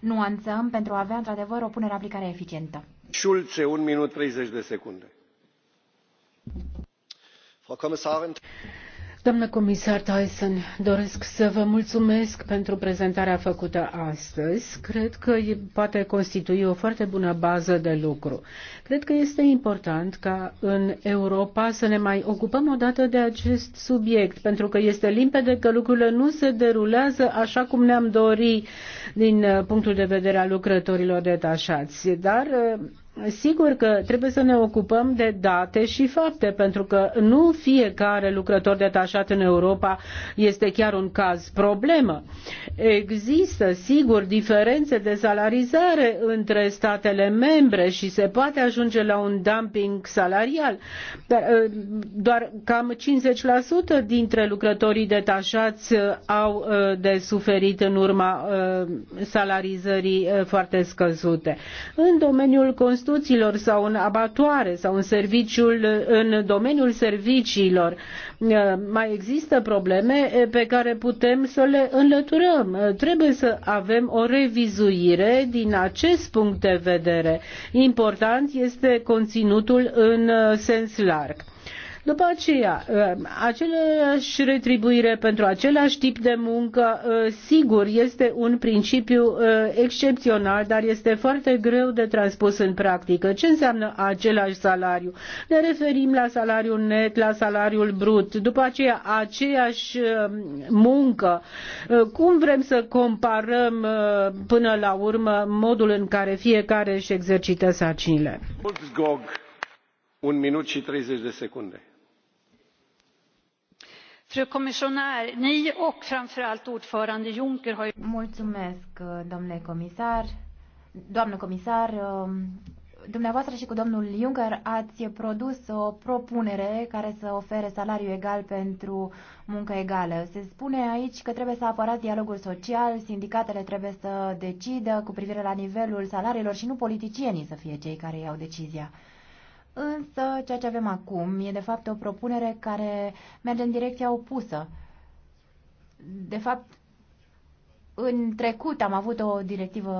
nuanțăm pentru a avea, într-adevăr, o punere aplicare eficientă. Schulze, un minut 30 de secunde. Frau Kommissarin. Doamnă comisar Tyson, doresc să vă mulțumesc pentru prezentarea făcută astăzi. Cred că poate constitui o foarte bună bază de lucru. Cred că este important ca în Europa să ne mai ocupăm odată de acest subiect, pentru că este limpede că lucrurile nu se derulează așa cum ne-am dori din uh, punctul de vedere al lucrătorilor detașați. Dar uh, Sigur că trebuie să ne ocupăm de date și fapte, pentru că nu fiecare lucrător detașat în Europa este chiar un caz problemă. Există, sigur, diferențe de salarizare între statele membre și se poate ajunge la un dumping salarial, dar uh, doar cam 50% dintre lucrătorii detașați uh, au uh, de suferit în urma salarizării foarte scăzute. În domeniul construcției, prostituților sau în abatoare sau în serviciul în domeniul serviciilor. Uh, mai există probleme eh, pe care putem să le înlăturăm. Uh, trebuie să avem o revizuire din acest punct de vedere. Important este conținutul în uh, sens larg. După aceea, uh, aceleași retribuire pentru același tip de muncă, uh, sigur, este un principiu uh, excepțional, dar este foarte greu de transpus în practică. Ce înseamnă același salariu? Ne referim la salariul net, la salariul brut, după aceea aceeași muncă. Cum vrem să comparăm până la urmă modul în care fiecare își exercită sacinile? Un minut și 30 de secunde Mulțumesc, domnule comisar. Doamnă comisar, um, dumneavoastră și cu domnul Juncker ați produs o propunere care să ofere salariu egal pentru muncă egală. Se spune aici că trebuie să apărați dialogul social, sindicatele trebuie să decidă cu privire la nivelul salariilor și nu politicienii să fie cei care iau decizia. Însă, ceea ce avem acum e de fapt o propunere care merge în direcția opusă. De fapt, în trecut am avut o directivă,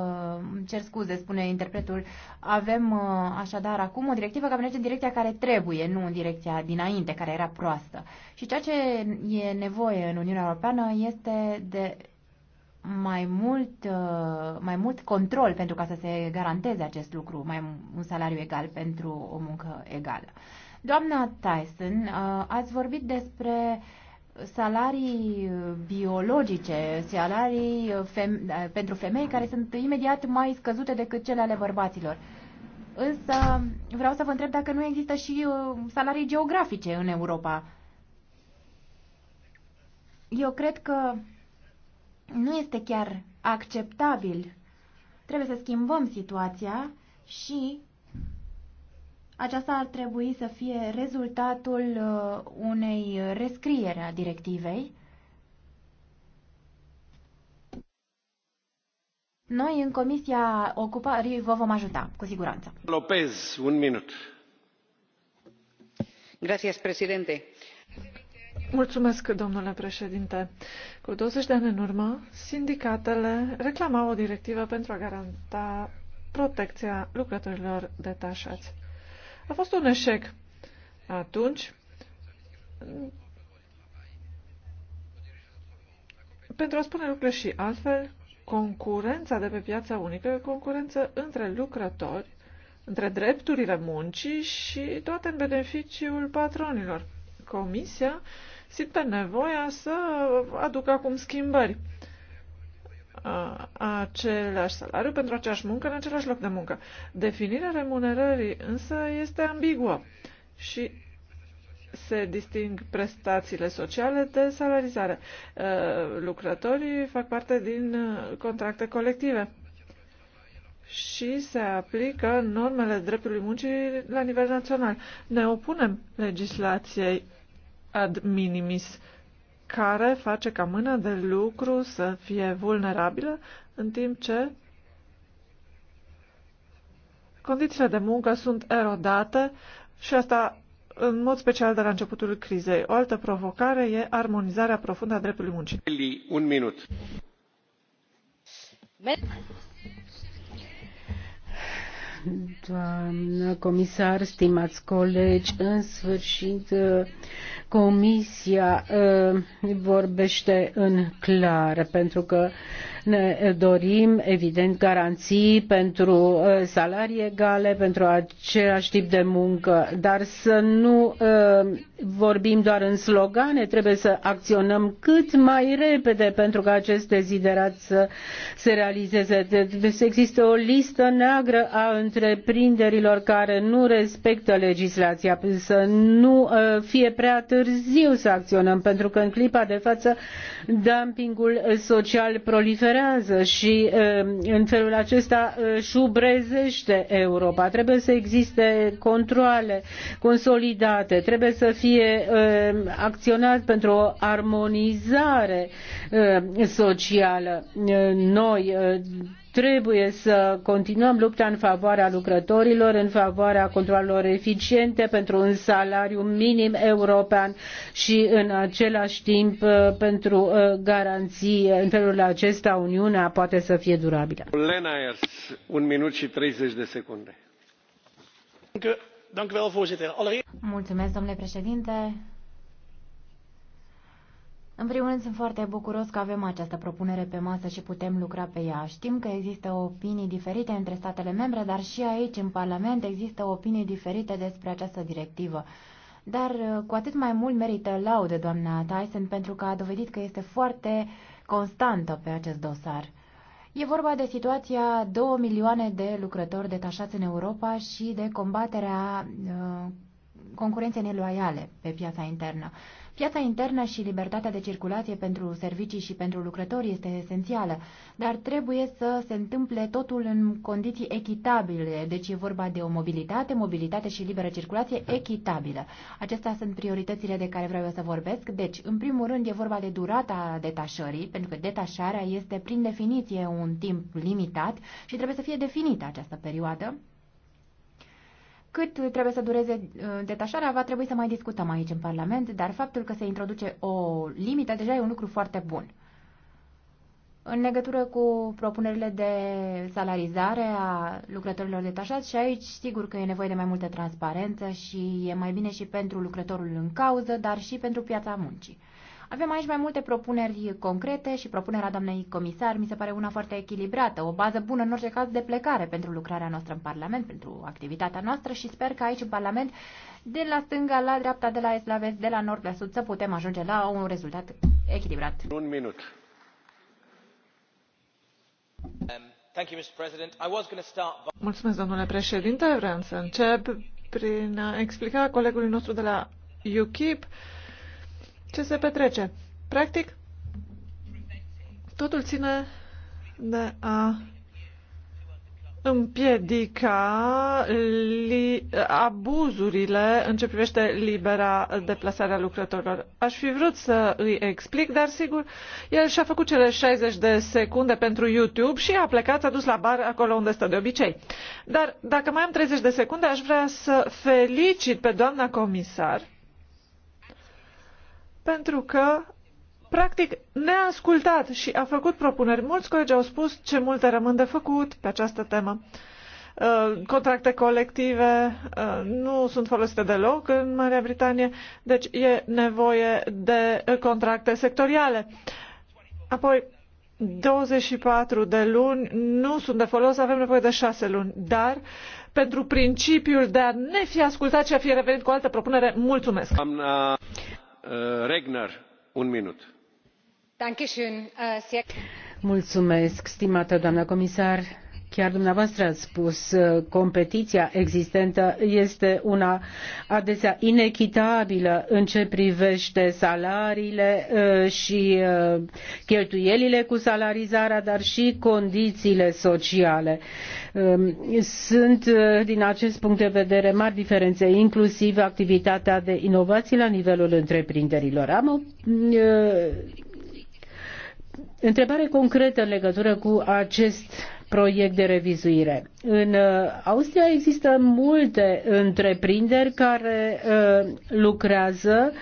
cer scuze, spune interpretul, avem uh, așadar acum o directivă care merge în direcția care trebuie, nu în direcția dinainte, care era proastă. Și ceea ce e nevoie în Uniunea Europeană este de mai mult, uh, mai mult control pentru ca să se garanteze acest lucru, mai un salariu egal pentru o muncă egală. Doamna Tyson, uh, ați vorbit despre salarii biologice, salarii uh, feme- pentru femei care sunt imediat mai scăzute decât cele ale bărbaților. Însă vreau să vă întreb dacă nu există și salarii geografice în Europa. Eu cred că nu este chiar acceptabil. Trebuie să schimbăm situația și aceasta ar trebui să fie rezultatul uh, unei rescriere a directivei. Noi, în Comisia Ocupării, vă vom ajuta, cu siguranță. Lopez, un minut. Gracias, presidente Mulțumesc, domnule președinte. Cu 20 de ani în urmă, sindicatele reclamau o directivă pentru a garanta protecția lucrătorilor detașați. A fost un eșec. Atunci, pentru a spune lucrurile și altfel, concurența de pe piața unică e concurență între lucrători, între drepturile muncii și toate în beneficiul patronilor. Comisia simte nevoia să aducă acum schimbări. Același salariu pentru aceeași muncă în același loc de muncă. Definirea remunerării însă este ambiguă și se disting prestațiile sociale de salarizare. Lucrătorii fac parte din contracte colective și se aplică normele dreptului muncii la nivel național. Ne opunem legislației ad minimis, care face ca mâna de lucru să fie vulnerabilă, în timp ce condițiile de muncă sunt erodate și asta în mod special de la începutul crizei. O altă provocare e armonizarea profundă a dreptului muncii. Un minut. Doamnă comisar, stimați colegi, în sfârșit Comisia ă, vorbește în clar pentru că ne dorim, evident, garanții pentru ă, salarii egale, pentru același tip de muncă, dar să nu ă, vorbim doar în slogane, trebuie să acționăm cât mai repede pentru ca acest deziderat să se realizeze. Trebuie să o listă neagră a întreprinderilor care nu respectă legislația, să nu fie prea târziu să acționăm, pentru că în clipa de față dumpingul social proliferează și în felul acesta șubrezește Europa. Trebuie să existe controle consolidate, trebuie să fie acționat pentru o armonizare socială. Noi Trebuie să continuăm lupta în favoarea lucrătorilor, în favoarea controlelor eficiente pentru un salariu minim european și în același timp uh, pentru uh, garanții. În felul acesta Uniunea poate să fie durabilă. Lena Ers, un minut și 30 de secunde. Mulțumesc, domnule președinte. În primul rând, sunt foarte bucuros că avem această propunere pe masă și putem lucra pe ea. Știm că există opinii diferite între statele membre, dar și aici, în Parlament, există opinii diferite despre această directivă. Dar uh, cu atât mai mult merită laude doamna Tyson pentru că a dovedit că este foarte constantă pe acest dosar. E vorba de situația 2 milioane de lucrători detașați în Europa și de combaterea uh, concurențe neloiale pe piața internă. Piața internă și libertatea de circulație pentru servicii și pentru lucrători este esențială, dar trebuie să se întâmple totul în condiții echitabile, deci e vorba de o mobilitate, mobilitate și liberă circulație echitabilă. Acestea sunt prioritățile de care vreau eu să vorbesc. Deci, în primul rând, e vorba de durata detașării, pentru că detașarea este prin definiție un timp limitat și trebuie să fie definită această perioadă cât trebuie să dureze uh, detașarea va trebui să mai discutăm aici în Parlament, dar faptul că se introduce o limită deja e un lucru foarte bun. În legătură cu propunerile de salarizare a lucrătorilor detașați și aici sigur că e nevoie de mai multă transparență și e mai bine și pentru lucrătorul în cauză, dar și pentru piața muncii. Avem aici mai multe propuneri concrete și propunerea doamnei comisar mi se pare una foarte echilibrată, o bază bună în orice caz de plecare pentru lucrarea noastră în Parlament, pentru activitatea noastră și sper că aici în Parlament, de la stânga la dreapta, de la est la vest, de la nord la sud, să putem ajunge la un rezultat echilibrat. Un minut. Um, Mulțumesc, domnule președinte. Vreau să încep prin a explica colegului nostru de la UKIP uh, ce se petrece. Practic, totul ține de a împiedica li, abuzurile în ce privește libera deplasarea lucrătorilor. Aș fi vrut să îi explic, dar sigur, el și-a făcut cele 60 de secunde pentru YouTube și a plecat, s-a dus la bar acolo unde stă de obicei. Dar dacă mai am 30 de secunde, aș vrea să felicit pe doamna comisar pentru că practic ne-a ascultat și a făcut propuneri. Mulți colegi au spus ce multe rămân de făcut pe această temă. Uh, contracte colective uh, nu sunt folosite deloc în Marea Britanie, deci e nevoie de uh, contracte sectoriale. Apoi, 24 de luni nu sunt de folos, avem nevoie de 6 luni, dar pentru principiul de a ne fi ascultat și a fi revenit cu altă propunere, mulțumesc! Eh, Regner, un minut. Eh, Mulțumesc, stimată doamnă comisar Chiar dumneavoastră ați spus, uh, competiția existentă este una adesea inechitabilă în ce privește salariile uh, și uh, cheltuielile cu salarizarea, dar și condițiile sociale. Um, sunt, din acest punct de vedere, mari diferențe, inclusiv activitatea de inovații la nivelul întreprinderilor. Am o întrebare concretă în legătură cu acest proiect de revizuire. În uh, Austria există multe întreprinderi care uh, lucrează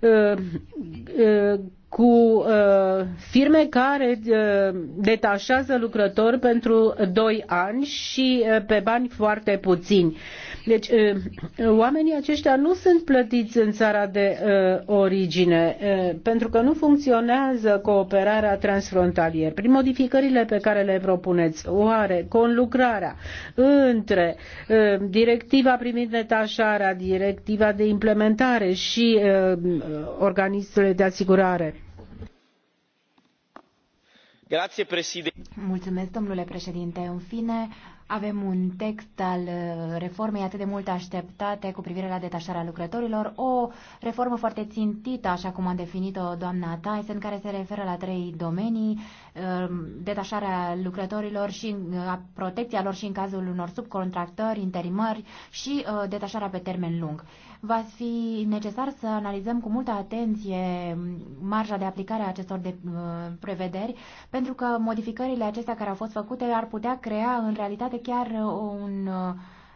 uh, cu firme care detașează lucrători pentru 2 ani și pe bani foarte puțini. Deci, oamenii aceștia nu sunt plătiți în țara de origine, pentru că nu funcționează cooperarea transfrontalieră. Prin modificările pe care le propuneți, oare conlucrarea între directiva privind detașarea, directiva de implementare și organismele de asigurare? Mulțumesc, domnule președinte. În fine, avem un text al uh, reformei atât de mult așteptate cu privire la detașarea lucrătorilor, o reformă foarte țintită, așa cum a definit-o doamna Tyson, care se referă la trei domenii, um, detașarea lucrătorilor și uh, protecția lor și în cazul unor subcontractări, interimări și uh, detașarea pe termen lung va fi necesar să analizăm cu multă atenție marja de aplicare a acestor de, uh, prevederi, pentru că modificările acestea care au fost făcute ar putea crea în realitate chiar un uh,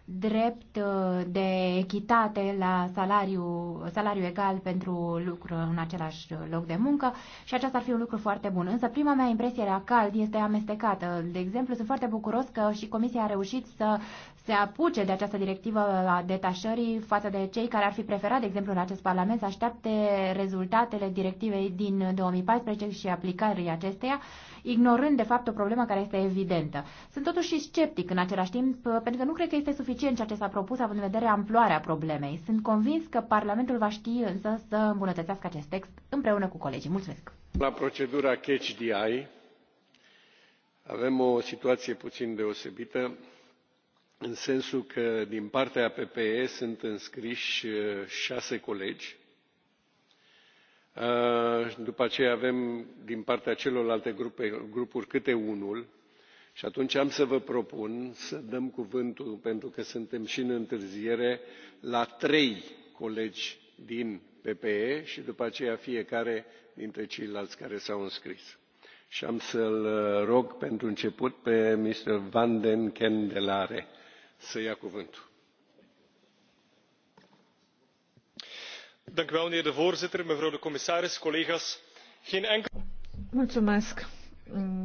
drept uh, de echitate la salariu, salariu egal pentru lucru în același loc de muncă și aceasta ar fi un lucru foarte bun. Însă prima mea impresie era cald este amestecată. De exemplu, sunt foarte bucuros că și Comisia a reușit să se apuce de această directivă a detașării față de cei care ar fi preferat, de exemplu, în acest Parlament să aștepte rezultatele directivei din 2014 și aplicării acesteia ignorând de fapt o problemă care este evidentă. Sunt totuși sceptic în același timp, uh, pentru că nu cred că este suficient ceea ce s-a propus, având în vedere amploarea problemei. Sunt convins că Parlamentul va ști însă să îmbunătățească acest text împreună cu colegii. Mulțumesc! La procedura Catch the Eye avem o situație puțin deosebită în sensul că din partea ppe sunt înscriși uh, șase colegi Uh, după aceea avem din partea celorlalte grupuri câte unul și atunci am să vă propun să dăm cuvântul pentru că suntem și în întârziere la trei colegi din ppe și după aceea fiecare dintre ceilalți care s au înscris și am să l uh, rog pentru început pe mr van den kendelare să ia cuvântul. voorzitter mevrouw de commissaris collega's geen enkele. mulțumesc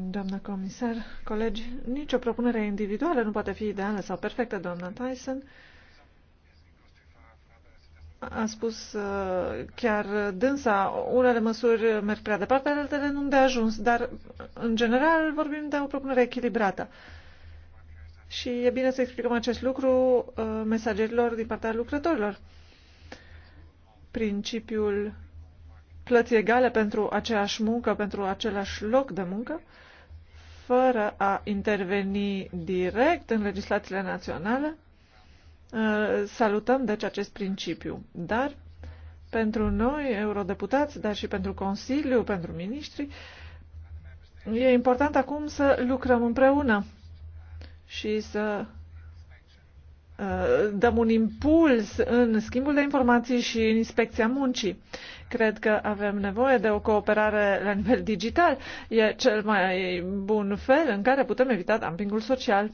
doamnă comisar colegi nicio propunere individuală nu poate fi ideală sau perfectă doamna thyssen a spus uh, chiar dânsa, unele măsuri merg prea departe, altele nu de ajuns, dar în general vorbim de o propunere echilibrată. Și e bine să explicăm acest lucru uh, mesagerilor din partea lucrătorilor principiul plății egale pentru aceeași muncă, pentru același loc de muncă, fără a interveni direct în legislațiile naționale, uh, salutăm deci acest principiu. Dar pentru noi, eurodeputați, dar și pentru Consiliu, pentru miniștri, e important acum să lucrăm împreună și să Uh, dăm un impuls în schimbul de informații și în inspecția muncii. Cred că avem nevoie de o cooperare la nivel digital. E cel mai bun fel în care putem evita dumpingul social.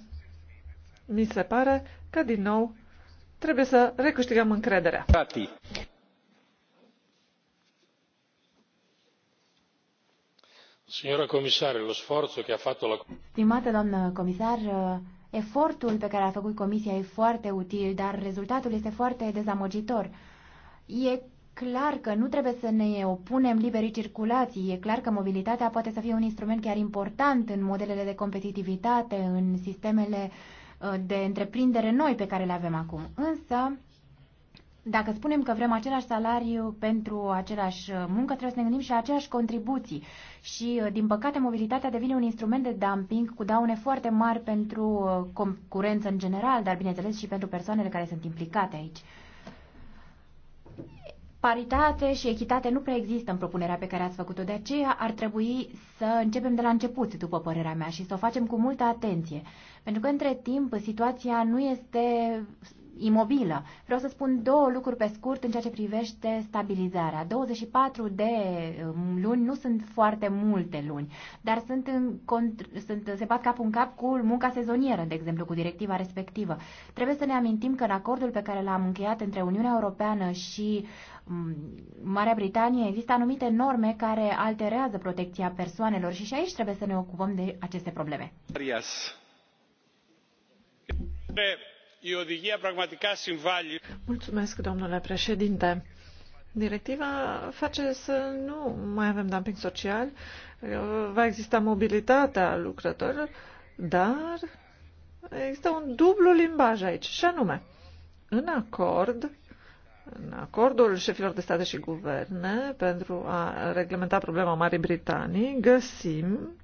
Mi se pare că, din nou, trebuie să recâștigăm încrederea. Tati. Signora comisar, lo sforzo che ha fatto la... Stimată doamnă comisar, Efortul pe care a făcut Comisia e foarte util, dar rezultatul este foarte dezamăgitor. E clar că nu trebuie să ne opunem liberii circulații. E clar că mobilitatea poate să fie un instrument chiar important în modelele de competitivitate, în sistemele uh, de întreprindere noi pe care le avem acum. Însă, dacă spunem că vrem același salariu pentru același uh, muncă, trebuie să ne gândim și la aceleași contribuții. Și, uh, din păcate, mobilitatea devine un instrument de dumping cu daune foarte mari pentru uh, concurență în general, dar, bineînțeles, și pentru persoanele care sunt implicate aici. Paritate și echitate nu prea există în propunerea pe care ați făcut-o, de aceea ar trebui să începem de la început, după părerea mea, și să o facem cu multă atenție. Pentru că, între timp, situația nu este imobilă. Vreau să spun două lucruri pe scurt în ceea ce privește stabilizarea. 24 de um, luni nu sunt foarte multe luni, dar sunt, în, sunt se bat cap în cap cu munca sezonieră, de exemplu, cu directiva respectivă. Trebuie să ne amintim că în acordul pe care l-am încheiat între Uniunea Europeană și um, Marea Britanie există anumite norme care alterează protecția persoanelor și și aici trebuie să ne ocupăm de aceste probleme. Arias domnule președinte. Directiva face să nu mai avem dumping social, va exista mobilitatea lucrătorilor, dar există un dublu limbaj aici, și anume, în acord, în acordul șefilor de state și guverne pentru a reglementa problema Marii Britanii, găsim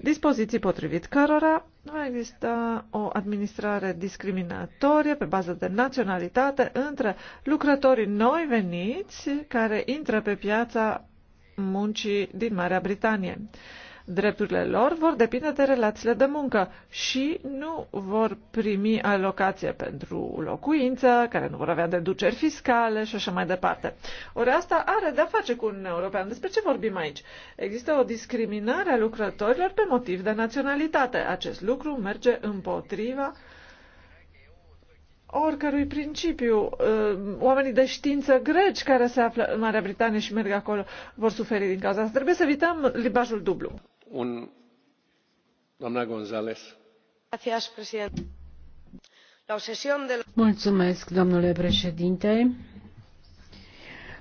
dispoziții potrivit cărora va exista o administrare discriminatorie pe bază de naționalitate între lucrătorii noi veniți care intră pe piața muncii din Marea Britanie. Drepturile lor vor depinde de relațiile de muncă și nu vor primi alocație pentru locuință, care nu vor avea deduceri fiscale și așa mai departe. Ori asta are de-a face cu un european. Despre ce vorbim aici? Există o discriminare a lucrătorilor pe motiv de naționalitate. Acest lucru merge împotriva oricărui principiu. Uh, oamenii de știință greci care se află în Marea Britanie și merg acolo vor suferi din cauza asta. Trebuie să evităm libajul dublu. Mulțumesc, domnule președinte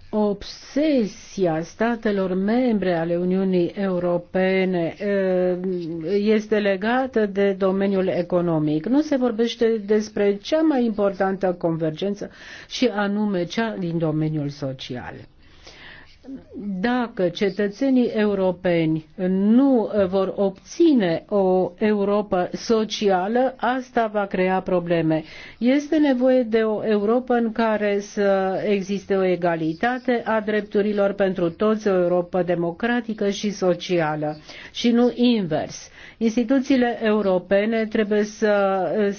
obsesia statelor membre ale Uniunii Europene eh, este legată de domeniul economic. Nu se vorbește despre cea mai importantă convergență și anume cea din domeniul social dacă cetățenii europeni nu vor obține o Europa socială, asta va crea probleme. Este nevoie de o Europa în care să existe o egalitate a drepturilor pentru toți, o Europa democratică și socială și nu invers. Instituțiile europene trebuie să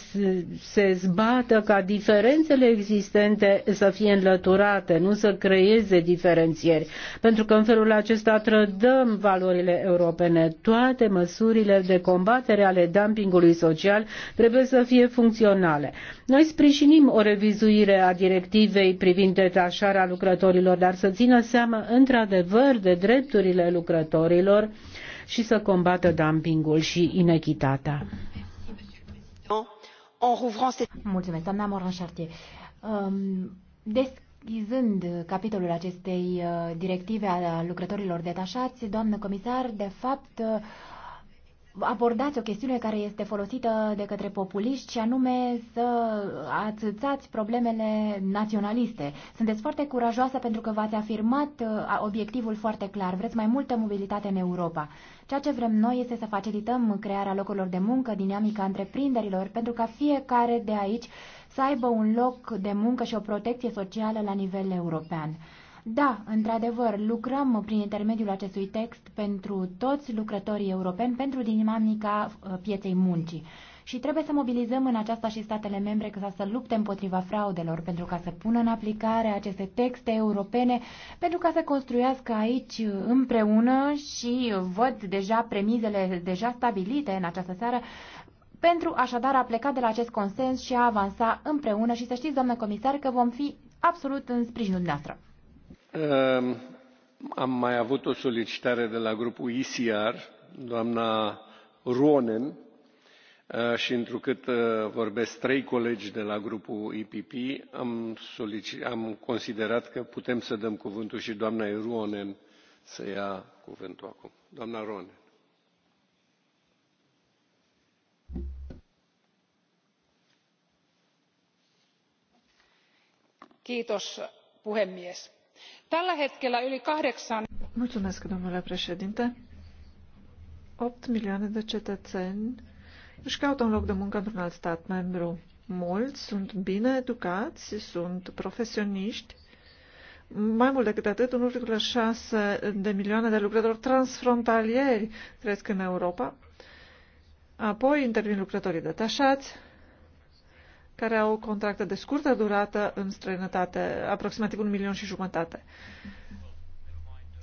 se zbată ca diferențele existente să fie înlăturate, nu să creeze diferențieri, pentru că în felul acesta trădăm valorile europene. Toate măsurile de combatere ale dumpingului social trebuie să fie funcționale. Noi sprijinim o revizuire a directivei privind detașarea lucrătorilor, dar să țină seama într-adevăr de drepturile lucrătorilor, și să combată dumpingul și inechitatea. Mulțumesc, doamna Moran Chartier. Um, deschizând capitolul acestei uh, directive a lucrătorilor detașați, doamnă comisar, de fapt uh, abordați o chestiune care este folosită de către populiști și anume să ațățați problemele naționaliste. Sunteți foarte curajoasă pentru că v-ați afirmat uh, obiectivul foarte clar. Vreți mai multă mobilitate în Europa. Ceea ce vrem noi este să facilităm crearea locurilor de muncă, dinamica întreprinderilor, pentru ca fiecare de aici să aibă un loc de muncă și o protecție socială la nivel european. Da, într-adevăr, lucrăm prin intermediul acestui text pentru toți lucrătorii europeni, pentru dinamica uh, pieței muncii. Și trebuie să mobilizăm în aceasta și statele membre ca să lupte împotriva fraudelor, pentru ca să pună în aplicare aceste texte europene, pentru ca să construiască aici uh, împreună și văd deja premizele deja stabilite în această seară, pentru așadar a pleca de la acest consens și a avansa împreună și să știți, doamnă comisar, că vom fi absolut în sprijinul dumneavoastră. Ehm, am mai avut o solicitare de la grupul ecr doamna ruonen eh, și întrucât eh, vorbesc trei colegi de la grupul ppe am considerat că putem să dăm cuvântul și doamnei ruonen să ia cuvântul acum. doamna ruonen. arvoisa puhemies Tällä hetkellä yli kahdeksan... Mulțumesc, domnule președinte. 8 milioane de cetățeni își caută un loc de muncă într-un alt stat membru. Mulți sunt bine educați, sunt profesioniști. Mai mult decât atât, 1,6 de milioane de lucrători transfrontalieri trăiesc în Europa. Apoi intervin lucrătorii detașați, care au contracte de scurtă durată în străinătate, aproximativ un milion și jumătate.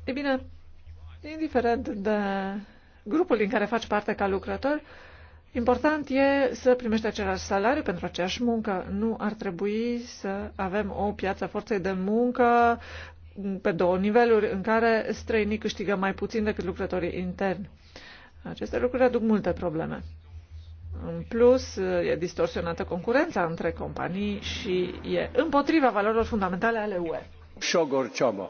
E bine, indiferent de grupul din care faci parte ca lucrător, important e să primești același salariu pentru aceeași muncă. Nu ar trebui să avem o piață forței de muncă pe două niveluri, în care străinii câștigă mai puțin decât lucrătorii interni. Aceste lucruri aduc multe probleme. În plus, e distorsionată concurența între companii și e împotriva valorilor fundamentale ale UE. Șogor Ciomo.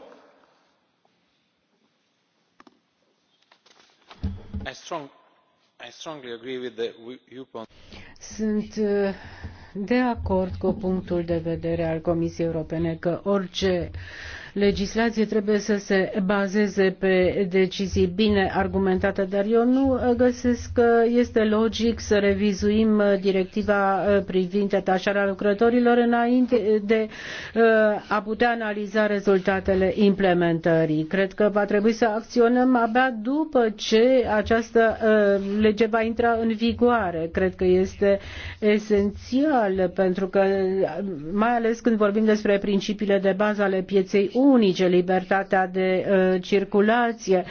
I strong, I strongly agree with the viewpoint. Sunt uh, de acord cu punctul de vedere al Comisiei Europene că orice uh, legislație trebuie să se bazeze pe decizii bine argumentate, dar eu nu uh, găsesc că este logic să revizuim uh, directiva uh, privind atașarea lucrătorilor înainte de a putea analiza rezultatele implementării. Cred că va trebui să acționăm abia după ce această lege va intra în vigoare. Cred că este esențial pentru că, mai ales când vorbim despre principiile de bază ale pieței unice, libertatea de uh, circulație.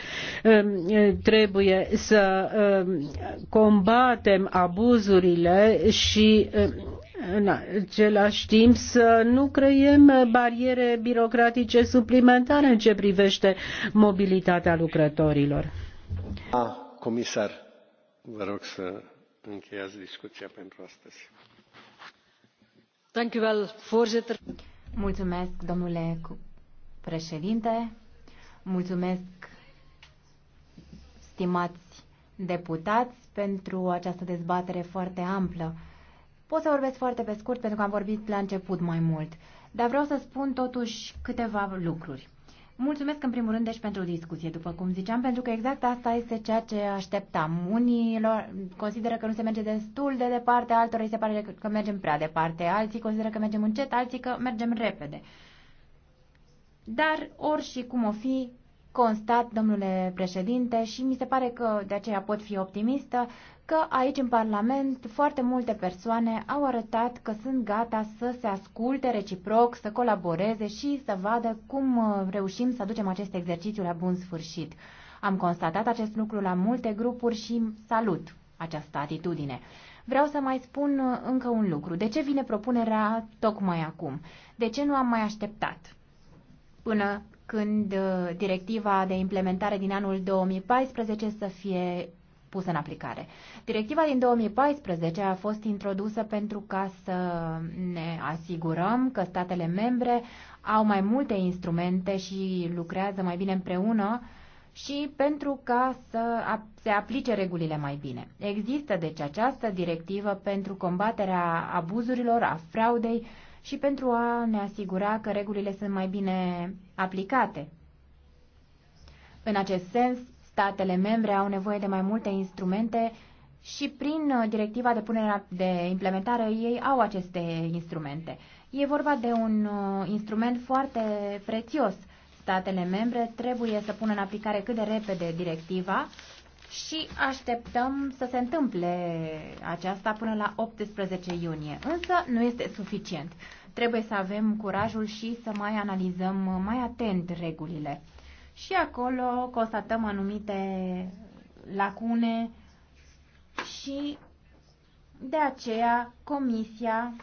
Um, trebuie să um, combatem abuzurile și um, în același timp să nu creiem bariere birocratice suplimentare în ce privește mobilitatea lucrătorilor. A, comisar, vă rog să încheiați discuția pentru astăzi. Mulțumesc, domnule președinte, mulțumesc stimați deputați pentru această dezbatere foarte amplă. Pot să vorbesc foarte pe scurt pentru că am vorbit la început mai mult, dar vreau să spun totuși câteva lucruri. Mulțumesc în primul rând deci pentru discuție, după cum ziceam, pentru că exact asta este ceea ce așteptam. Unii consideră că nu se merge destul de departe, altora îi se pare că mergem prea departe, alții consideră că mergem încet, alții că mergem repede. Dar ori și cum o fi, constat, domnule președinte, și mi se pare că de aceea pot fi optimistă, că aici în Parlament foarte multe persoane au arătat că sunt gata să se asculte reciproc, să colaboreze și să vadă cum uh, reușim să aducem acest exercițiu la bun sfârșit. Am constatat acest lucru la multe grupuri și salut această atitudine. Vreau să mai spun uh, încă un lucru. De ce vine propunerea tocmai acum? De ce nu am mai așteptat? până când uh, directiva de implementare din anul 2014 să fie pusă în aplicare. Directiva din 2014 a fost introdusă pentru ca să ne asigurăm că statele membre au mai multe instrumente și lucrează mai bine împreună și pentru ca să se aplice regulile mai bine. Există deci această directivă pentru combaterea abuzurilor, a fraudei și pentru a ne asigura că regulile sunt mai bine aplicate. În acest sens, statele membre au nevoie de mai multe instrumente și prin uh, directiva de punere de implementare ei au aceste instrumente. E vorba de un uh, instrument foarte prețios. Statele membre trebuie să pună în aplicare cât de repede directiva și așteptăm să se întâmple aceasta până la 18 iunie. Însă nu este suficient. Trebuie să avem curajul și să mai analizăm mai atent regulile. Și acolo constatăm anumite lacune și de aceea Comisia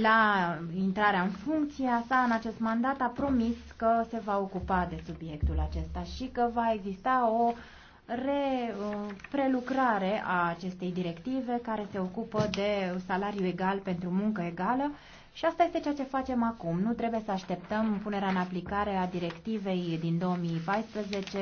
la intrarea în funcția sa în acest mandat a promis că se va ocupa de subiectul acesta și că va exista o uh, Uh, prelucrare a acestei directive care se ocupă de salariu egal pentru muncă egală și asta este ceea ce facem acum. Nu trebuie să așteptăm punerea în aplicare a directivei din 2014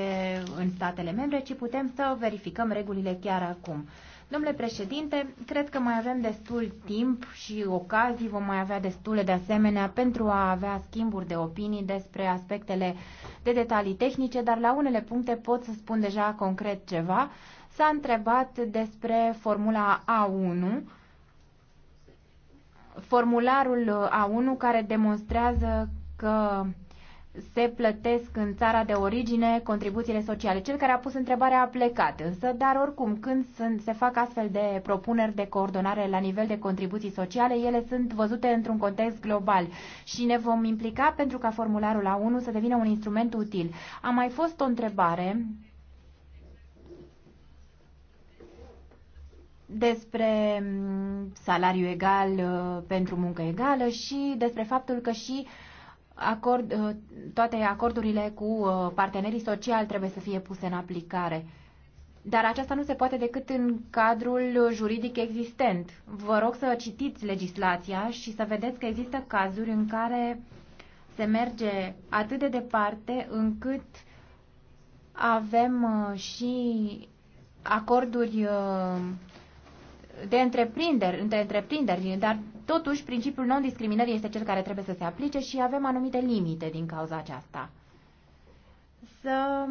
în statele membre, ci putem să verificăm regulile chiar acum. Domnule președinte, cred că mai avem destul timp și ocazii, vom mai avea destule de asemenea pentru a avea schimburi de opinii despre aspectele de detalii tehnice, dar la unele puncte pot să spun deja concret ceva. S-a întrebat despre formula A1, formularul A1 care demonstrează că se plătesc în țara de origine contribuțiile sociale. Cel care a pus întrebarea a plecat, însă, dar oricum, când sunt, se fac astfel de propuneri de coordonare la nivel de contribuții sociale, ele sunt văzute într-un context global și ne vom implica pentru ca formularul A1 să devină un instrument util. A mai fost o întrebare despre mm, salariu egal uh, pentru muncă egală și despre faptul că și uh, acord, uh, toate acordurile cu uh, partenerii sociali trebuie să fie puse în aplicare. Dar aceasta nu se poate decât în cadrul juridic existent. Vă rog să citiți legislația și să vedeți că există cazuri în care se merge atât de departe încât avem uh, și acorduri de întreprinderi, între întreprinderi, dar Totuși, principiul non-discriminării este cel care trebuie să se aplice și avem anumite limite din cauza aceasta. Să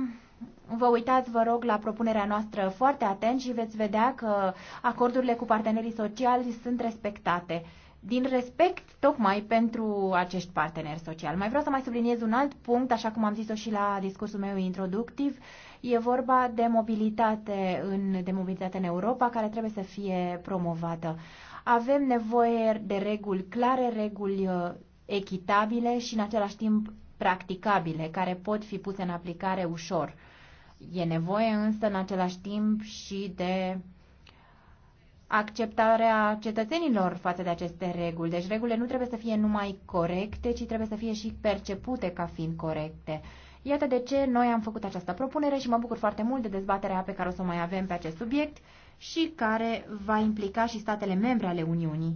vă uitați, vă rog, la propunerea noastră foarte atent și veți vedea că acordurile cu partenerii sociali sunt respectate din respect tocmai pentru acești parteneri sociali. Mai vreau să mai subliniez un alt punct, așa cum am zis-o și la discursul meu introductiv. E vorba de mobilitate în, de mobilitate în Europa, care trebuie să fie promovată. Avem nevoie de reguli clare, reguli uh, echitabile și în același timp practicabile, care pot fi puse în aplicare ușor. E nevoie însă în același timp și de acceptarea cetățenilor față de aceste reguli. Deci regulile nu trebuie să fie numai corecte, ci trebuie să fie și percepute ca fiind corecte. Iată de ce noi am făcut această propunere și mă bucur foarte mult de dezbaterea pe care o să o mai avem pe acest subiect și care va implica și statele membre ale Uniunii.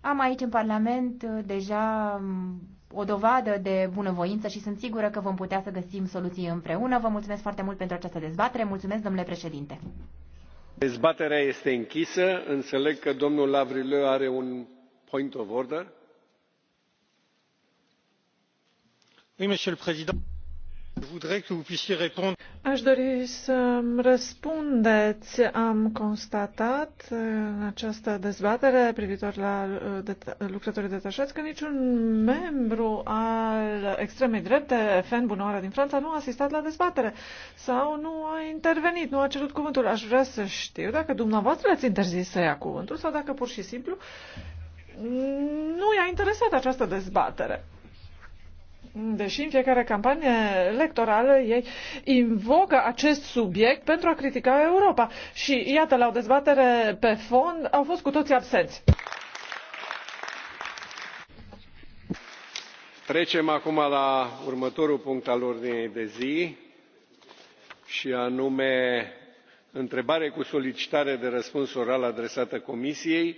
Am aici în Parlament uh, deja um, o dovadă de bunăvoință și sunt sigură că vom putea să găsim soluții împreună. Vă mulțumesc foarte mult pentru această dezbatere. Mulțumesc, domnule președinte. Dezbaterea este închisă. Înțeleg că domnul Lavrileu are un point of order. Oui, monsieur le président. Aș dori să răspundeți. Am constatat în această dezbatere privitor la uh, lucrătorii detașați că niciun membru al extremei drepte, FN Bunoara din Franța, nu a asistat la dezbatere sau nu a intervenit, nu a cerut cuvântul. Aș vrea să știu dacă dumneavoastră ați interzis să ia cuvântul sau dacă pur și simplu nu i-a interesat această dezbatere deși în fiecare campanie electorală ei invocă acest subiect pentru a critica Europa. Și iată, la o dezbatere pe fond au fost cu toții absenți. Trecem acum la următorul punct al ordinii de zi și anume întrebare cu solicitare de răspuns oral adresată Comisiei